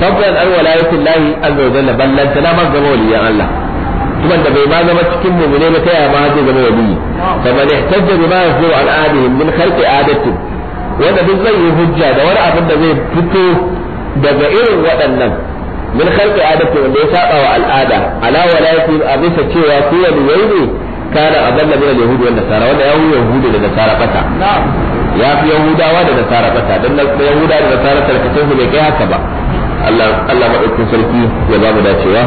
sabran an lahi azza wa jalla ballan tana ma zama waliyan Allah kuma da bai ma zama cikin mu'mine ba ta yaya ma zai zama waliyi kamar ihtajja bima yazu an adihim min kharqi adatin wanda duk zai yi hujja da wani abin da zai fito daga irin waɗannan min kharqi adatin wanda ya saba wa al'ada ala walayati abisa cewa kuwa da yayi kana a min al-yahudi wal nasara wanda ya huwa yahudi da nasara bata ya fi yahudawa da nasara bata dan yahuda da nasara tarkacin su bai kai haka ba Allah Allah sarki ya ba mu dacewa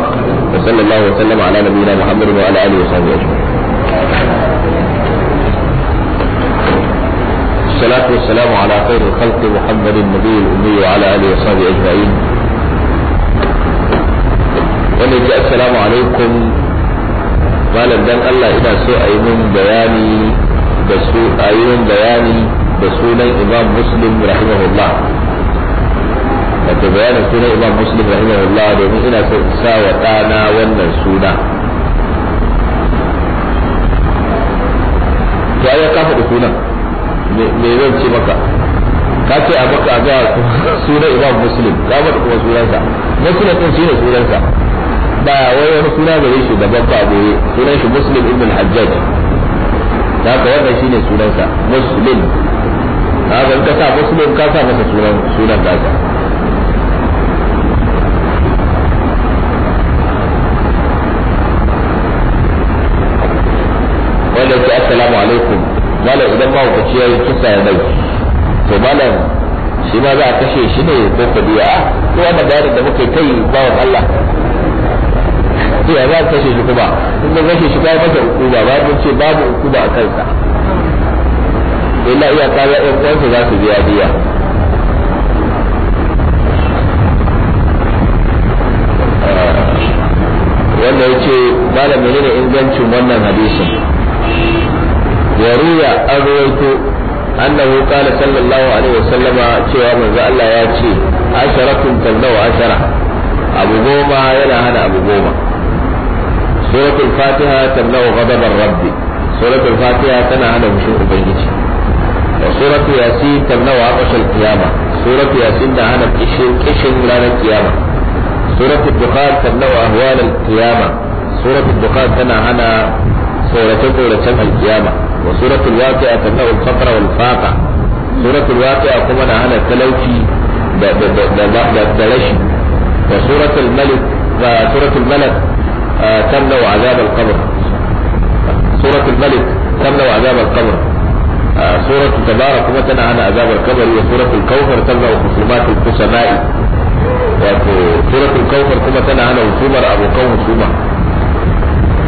wa sallallahu wa sallama ala nabiyina Muhammad wa والصلاة والسلام على خير الخلق محمد النبي الأمي وعلى آله وصحبه أجمعين. جاء السلام عليكم ولم دان الله إذا سوء من بياني بسوء أي من بياني بسوء الإمام مسلم رحمه الله. بيان سوء الإمام مسلم رحمه الله دون إنا سوتانا ونن سونا في آية كافة me zan ce maka ka ce a maka ga sunan imam muslim ka mata kuma sunansa muslim din shine sunansa ba wai wani suna gare shi daban ba goye sunan shi muslim ibn hajjaj haka wannan shine sunansa muslim haka ka sa muslim ka sa masa sunan sunan daga wanda ke assalamu malam idan ba ku ya yi kisa ya mai to malam shi ma za a kashe shi ne ko ka biya a ah, ko wannan bayanin da muke kai bawan Allah to ya za a kashe shi kuma in da kashe shi kai masa hukuma ba mun ce babu hukuma a kansa illa iya kaya yan uwansa za su biya biya wanda ya ce malam ne ingancin wannan hadisin وروي أرويت أنه قال صلى الله عليه وسلم شيئا من الله ياتي عشرة تمنع عشرة أبو بوما ينهى أبو بوما سورة الفاتحة تمنع غضب الرب سورة الفاتحة تنهى بشوق بنجي وسورة ياسين تمنع عطش القيامة سورة ياسين نهى كشن كشن لنا القيامة سورة الدخان تمنع أهوال القيامة سورة الدخان تنهى سورة سورة القيامة وسورة الواقعة تنهى الخطر والفاقة سورة الواقعة كما نهانا تلوشي بلشي وسورة الملك آه، سورة الملك آه، تمنع عذاب القبر سورة الملك تمنع عذاب القبر آه، سورة تبارك متنا عن عذاب القبر وسورة الكوفر تمنع خصومات الحسناء وسورة الكوفر كما تنهى عن الخمر أبو قوم سومر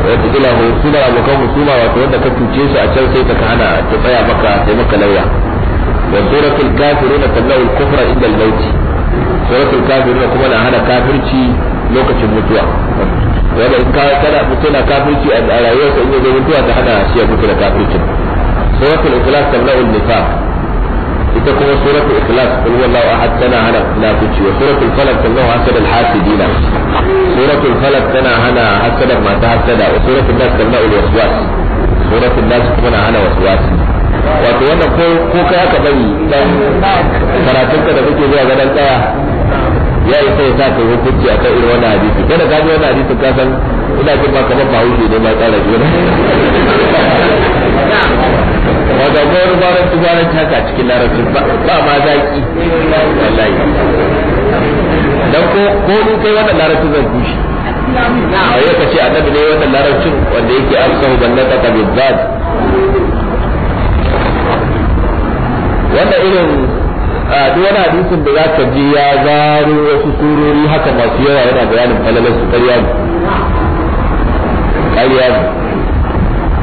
wanda kila mu suna abokan husuma wato wanda ka cuce su a can sai ka hana ta tsaya maka sai maka lauya wa suratul kafiruna tamlau al-kufra inda al-maut suratul kafiruna kuma na hana kafirci lokacin mutuwa wanda in ka kana mutuna kafirci a rayuwarsa in ya zo mutuwa ta hana shi ya mutu da kafircin suratul ikhlas tamlau nifaq ita kuma suratu ikhlas kul wallahu ahad tana hana lafici wa suratul falaq tana hana hasadal hasidina suratul falaq tana hana hasadar masu hasada wa suratul nas tana ul waswas suratul nas kuma na hana waswas wato wannan ko ko kai aka bari dan karatun ka da kake zuwa ga dan tsaya ya yi sai sa ka hukunci akan irin wannan hadisi kada ka ji wannan hadisin ka san ina jin ma kamar ba wuce ne ma tsara ji wato akwai rubaranci rubaranci haka a cikin larabci ba ma zaki wallahi dan ko ko ni kai wannan larabci zan kushi a yau ka ce annabi ne wannan larabcin wanda yake amsahu ballata ka bizzat wanda irin duk wani hadisin da za ka ji ya zaro wasu surori haka masu yawa yana bayanin falalar su ƙarya ne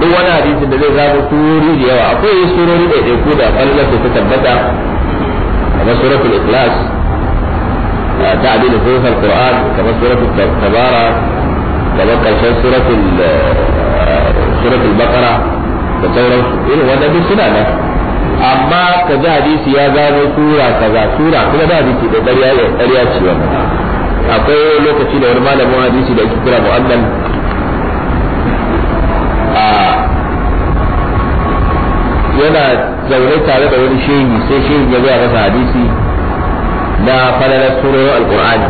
duk wani hadisin da zai zama surori da yawa akwai surori da ɗaiɗaiku da fallar da ta tabbata kamar suratul ikhlas ta abin da sun san qur'an kamar suratul tabara kamar karshen suratul suratul baqara da sauransu irin wanda duk suna nan amma ka ji hadisi ya gano sura kaza sura kuma da hadisi da ƙarya ce wannan akwai lokaci da wani malamin hadisi da ake kira mu'annan yana zaune tare da wani shehi sai shehi ya gaya masa hadisi na falalar surorin alkur'ani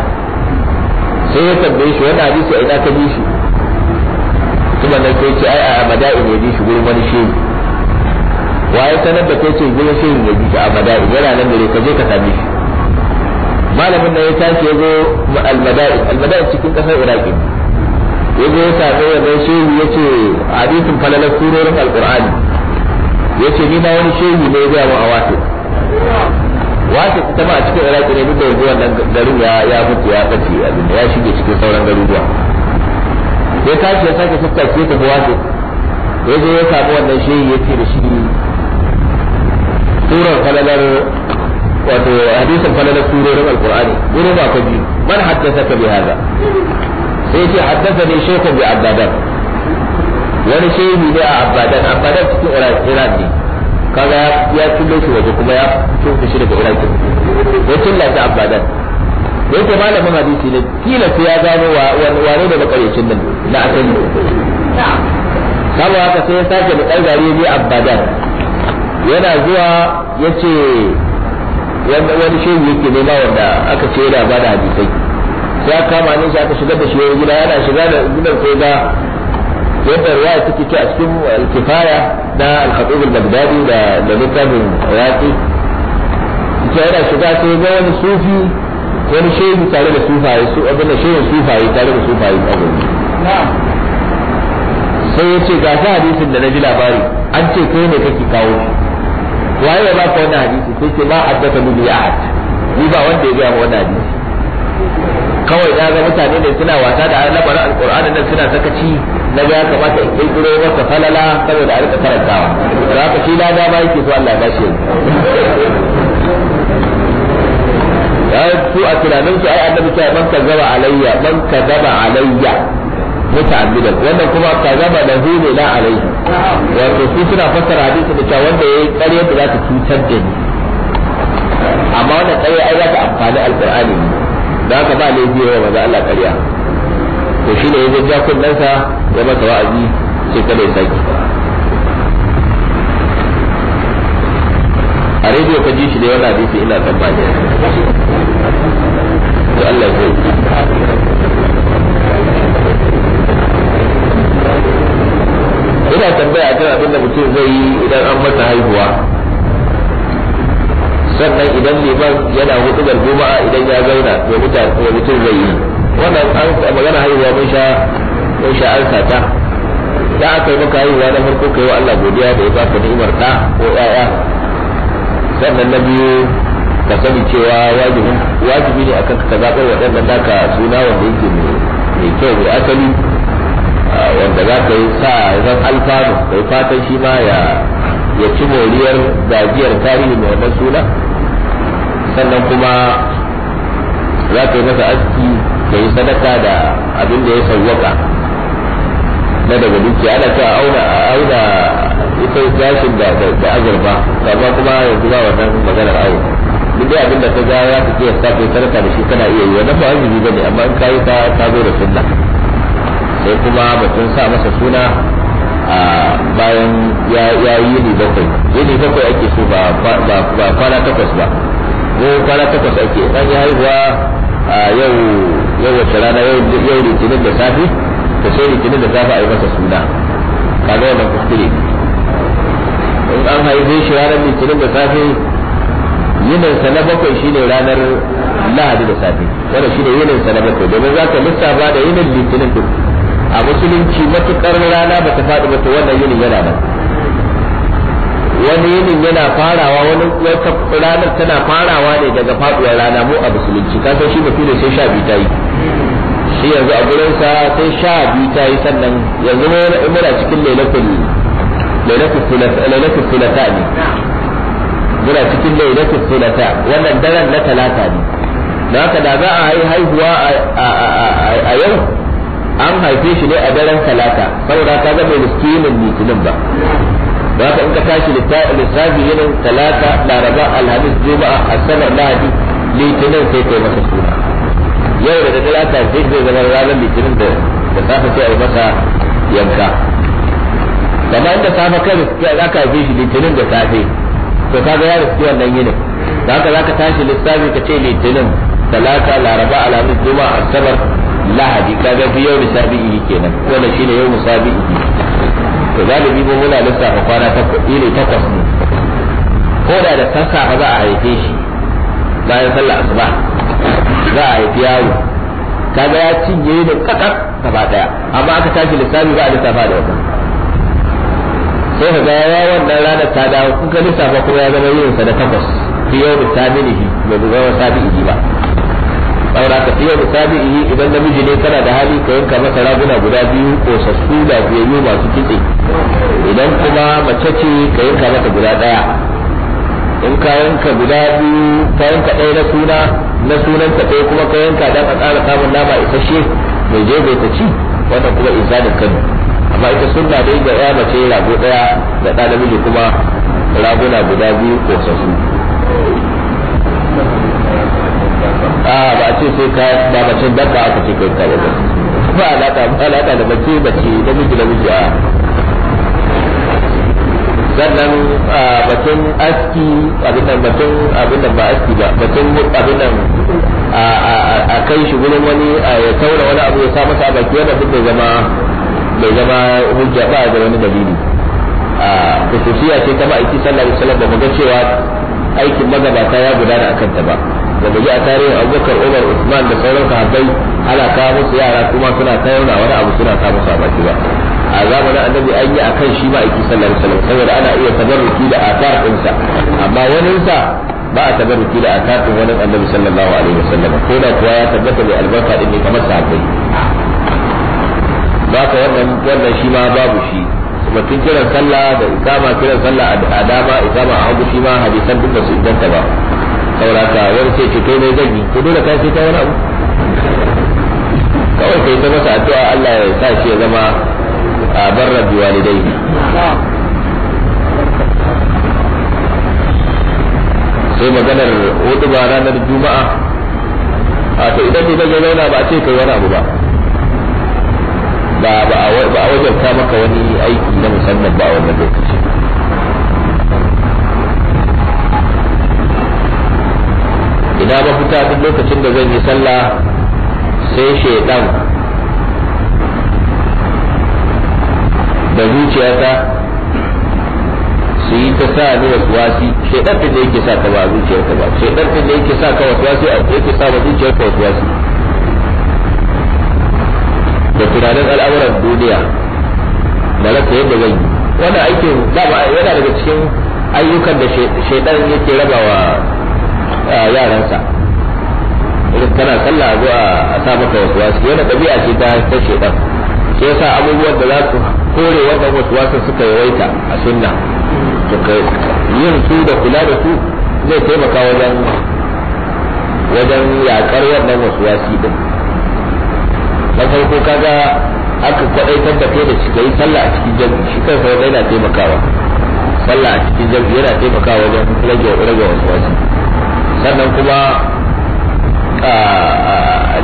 sai ya tambaye shi wani hadisi a ina ka ji shi kuma nan sai ce ai a madain ya ji shi gurin wani shehi waye sanar da kai ce gurin shehi ya bi shi a madain yana nan da ka je ka same shi malamin na ya tashi ya zo almadain almadain cikin kasar iraki ya zo ya same ya mai shehi ya ce hadisin falalar surorin alkur'ani yace ni ma wani shehu ne ya mu a wato wato ita ma a cikin iraki ne duka yanzu wannan garin ya ya mutu ya bace abin ya shige cikin sauran garuruwa sai ta tashi ya sake fuskar sai ta wato ya zo ya samu wannan shehu ya ce da shi surar falalar wato hadisin falalar surorin alqur'ani gurin ba ka ji man haddasa ka bi hada sai ce haddasa ne shekun bi abdadan wani shehu ne a abadan abadan cikin iran ne kaga ya tullo shi waje kuma ya fito shi daga iran ya tulla shi abadan da yake malamin hadisi ne kila sai ya gano wane da makaryacin nan na asali samu haka sai ya sake da ɗan gari ne abadan yana zuwa ya ce wani shehu yake ne na wanda aka ce yana ba da hadisai ya kama ne shi aka shigar da shi wani gida yana shiga da gidan sai ga yadda riwaya take ce a cikin kifaya na al-khatib da da littafin raqi ce yana shiga sai ga wani sufi wani shehu tare da sufaye su abin da shehu sufaye tare da sufaye a gurin sai ya ce gasa hadisin da na ji labari an ce kai ne kake kawo waye ba ka wani hadisi sai ce ma addaka bi ahad ni ba wanda ya ga wani hadisi kawai na ga mutane ne suna wasa da alqur'anin nan suna sakaci na ga kamata in kirkiro maka falala saboda a rika karantawa da haka shi lada ba yake so Allah ya bashi su a tunanin su ai annabi ta man kazaba alayya man kazaba alayya muta'ammidan wannan kuma kazaba da ne la alayhi wato su suna fassara hadisi da cewa wanda yayi ƙaryar da za ta cutar da ni amma wannan za ta amfani ba wa Allah ƙarya to shi ne ya jajja kunnensa ya masa wa'azi sai kada ya sake a rediyo ka ji shi ne yana hadisi ina tambaya to Allah ya ina tambaya a kan abinda da mutum zai yi idan an masa haihuwa sannan idan liman yana hudu gargoma idan ya zauna to mutum zai yi wannan an magana haihuwa mun sha mun sha an sata da aka yi maka haihuwa na farko kai wa Allah godiya da ya baka ni'imar da ko ƴaƴa sannan na biyu ka sani cewa wajibi wajibi ne akan ka zaɓar waɗannan naka suna wanda yake mai kyau mai asali wanda za ka yi sa zan alfanu kai fatan shi ma ya ya ci moriyar gajiyar tarihi mai wannan suna sannan kuma za ka yi masa aski ka yi sadaka da abin da ya sauwaka na daga dukiya ana ta auna auna ita gashin da da azurba amma kuma yanzu ba wannan maganar awo duk dai abin da ka ga ya fi kiyasta kai sadaka da shi kana iya yi wannan ba azumi ba ne amma in ka yi ta ta zo da sunna sai kuma batun sa masa suna a bayan ya yi ni bakwai yini bakwai ake so ba kwana takwas ba ko kwana takwas ake dan yi haihuwa a yau yau rana yau litinin da safi ta sai litinin da safi a yi masa suna kaga wannan kuskure in an haife shi ranar litinin da safe yininsa na bakwai shine ranar lahadi da safe wanda ne yininsa na bakwai domin za ka lissafa da yinin litinin duk a musulunci matukar rana ba ta faɗi ba to wannan yinin yana nan wani yinin yana farawa wani wata ranar tana farawa ne daga faɗuwar rana mu a musulunci kasan shi shi da sai sha biyu ta yi shi yanzu a gurinsa sai sha biyu ta yi sannan yanzu muna cikin lailatul lailatul sulata ne muna cikin lailatul sulata wannan daren na talata ne da haka da za a haihuwa a yau an haife shi ne a daren talata saboda ka ga mai miskinin litinin ba da haka in ka tashi lissafi yinin talata laraba alhamis juma'a asabar lahadi litinin sai kai masa suna yau da daddare aka haife shi zai zama ranar litinin da da safe sai a yi masa yanka amma inda safe kai da suke za haife shi litinin da safe to kaga ya riski wannan yinin da haka ka tashi lissafi ka ce litinin talata laraba alhamis juma'a asabar lahadi ka fi yau musabi'i kenan wannan shine yau musabi'i to galibi mu muna lissafa kwana takwas takwas ne ko da da sassafe za a haife shi bayan sallar asuba za a haifi yaro kaga ya cinye ne kakar gaba daya amma aka tashi lissafi ba a lissafa da wata. sai ka ga ya wannan ranar ta dawo kuka lissafa kuma ya zama yin sa da takwas fiye da tabi'ihi zuwa zama tabi'ihi ba saura ka fi yau da tabi'i idan namiji ne kana da hali ka yanka masa raguna guda biyu sassu da biyayyu masu kitse idan kuma mace ce ka yanka masa guda daya in ka yanka guda biyu ka yanka ɗaya na suna na sunan ta kai kuma ka yanka dan a ƙara samun nama isasshe mai je bai ta ci wannan kuma insanin kan amma ita sunna dai ga ya mace rago daya da ɗa namiji kuma raguna guda biyu ko sasu a ba a ce sai ka ba mace dabba aka ce kai ka ba ba alaka alaka da mace mace da miji a sannan ah, batun aski abin nan batun abin nan ba aski ba batun abin nan a kai shi gurin wani ya taura wani abu ya sa masa a baki wanda duk bai zama bai zama hujja ba da wani dalili a kusurciya ce ta ma'aiki sallar isalar ba mu ga cewa aikin magabata ya gudana a ta ba da mu ji a tarihin abubakar umar usman da sauran sahabbai ana kawo musu yara kuma suna tayar wani abu suna kawo musu a baki ba a zamanin annabi an yi kan shi ma'aiki sallallahu sallar wasallam saboda ana iya tabarruki da akar ɗinsa amma waninsa ba a tabarruki da akar ɗin wani annabi sallallahu alaihi wasallam ko da kuwa ya tabbata mai albarka din ne kamar sa sahabbai ba ka wannan wannan shi ma babu shi mutum kiran sallah da ikama kiran sallah a dama ikama a hagu shi ma hadisan duk da su inganta ba saurata wani sai ce kai mai zan yi ko dole ka sai ta wani abu kawai kai ta masa addu'a Allah ya sa shi ya zama barra bi sai maganar hudu ba ranar juma'a a to idan ne daga zauna ba a ce kai wani abu ba ba ba a wajen ka maka wani aiki na musamman ba a wannan lokaci ina mafita duk lokacin da zan yi sallah sai shaidan da zuciyata su yi ta sa ni wasuwasi shaidan da yake sa ka ba zuciyarka ba shaidan da yake sa ka wasuwasi a yake sa ba zuciyarka wasuwasi da tunanin al'amuran duniya da rasa yadda zan yi wanda aikin yana daga cikin ayyukan da shaidan yake rabawa yaransa irin kana sallah a zuwa a sa maka wasu wasu yana ɗabi'a ce ta shaidan sai yasa abubuwan da za su kore wanda wasu suka yawaita a sunna to kai yin su da kula da su zai taimaka wajen wajen yakar wannan wasu wasi din na farko kaga aka kwadaitar da kai da shi kai sallah a cikin jami'i shi kansa wanda yana taimakawa sallah a cikin jami'i yana taimakawa wajen rage rage wasu wasi sannan kuma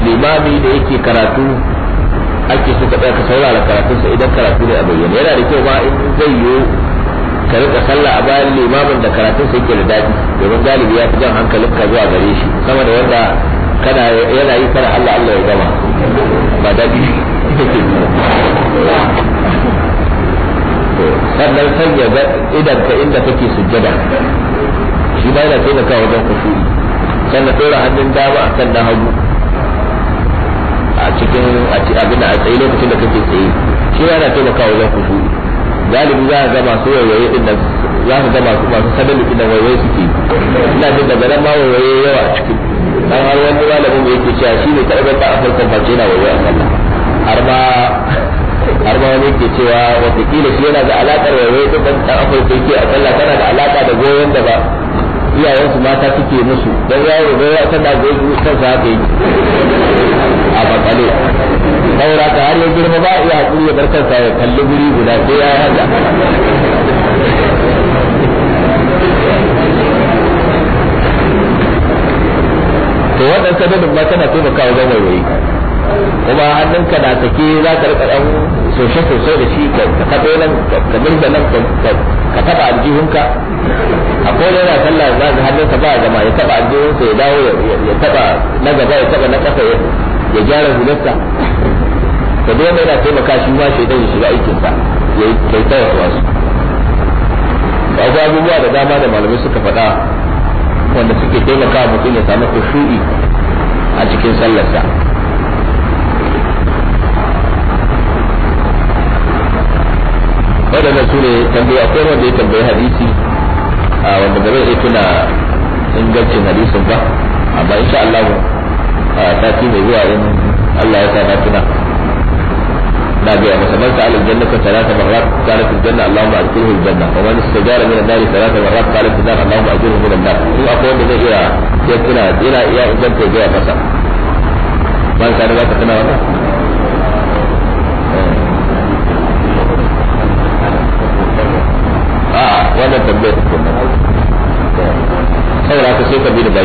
limami da yake karatu ake so ka tsaya ka saurara karatun sa idan karatu ne a bayyana yana da kyau ba in zai yi ka rika sallah a bayan limamin da karatun sa yake da dadi domin galibi ya fi jan hankalin ka zuwa gare shi sama da wanda kana yana yi kana Allah Allah ya gama ba daɗi take sannan sanya idan ka inda kake sujjada shi ba yana taimakawa wajen kusuri sannan tsora hannun dama akan na hagu a cikin abin da a tsaye lokacin da kake tsaye shi yana taimakawa wajen kusu galibi za ka ga masu wayoyi din za ka gama su masu sadali din wayoyi suke ina jin daga nan ma wayoyi yawa a cikin dan har wani malamin da yake cewa shi ne karɓar ta a ba ce na wayoyi a sallah har ma har ma wani ke cewa kila shi yana da alaƙar wayoyi din nan afirka yake a sallah tana da alaƙa da goyon da ba iyayensu mata suke musu don yaro don ya san da zai yi san sa haka yi a bakale saboda ka har ya girma ba iya hakuri ya bar kansa ya kalli guri guda sai ya haka to wannan sababin ma tana taimakawa wajen waiwayi kuma hannunka na sake za ka rika ɗan sosai sosai da shi ka kaɗo nan ka mirga nan ka taɓa aljihunka akwai yana sallah za su hannunsa ba zama ya taba aljihunsa ya dawo ya taba na gaba ya taba na kasa ya gyara hularsa ka dole yana taimaka shi ma shi dan shiga aikinsa ya yi kyautar wasu akwai abubuwa da dama da malamai suka faɗa wanda suke taimaka mutum ya samu kushu'i a cikin sallarsa waɗannan su ne tambaya akwai wanda ya tambayi hadisi Ah, wanda ba zai tuna ingancin hadisin ba amma insha Allah ah, sati mai zuwa in Allah ya sa na tuna na ga masa man sa'al aljanna ka talata marrat qalat aljanna Allahumma adkhilhu aljanna wa man istajara min an-nar talata marrat qalat an-nar Allahumma adkhilhu min an-nar in akwai wanda zai iya ya tuna ina iya ingancin zuwa masa man ka da ka tuna wannan você também não da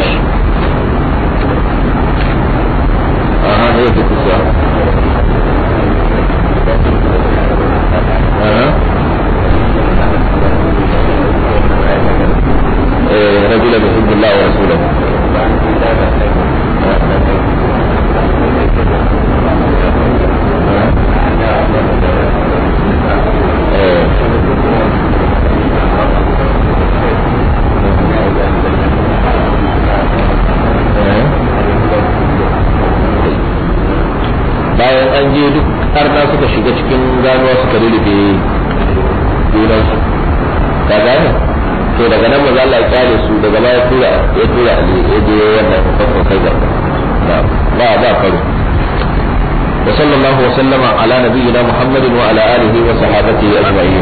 محمد وعلى آله وصحابته أجمعين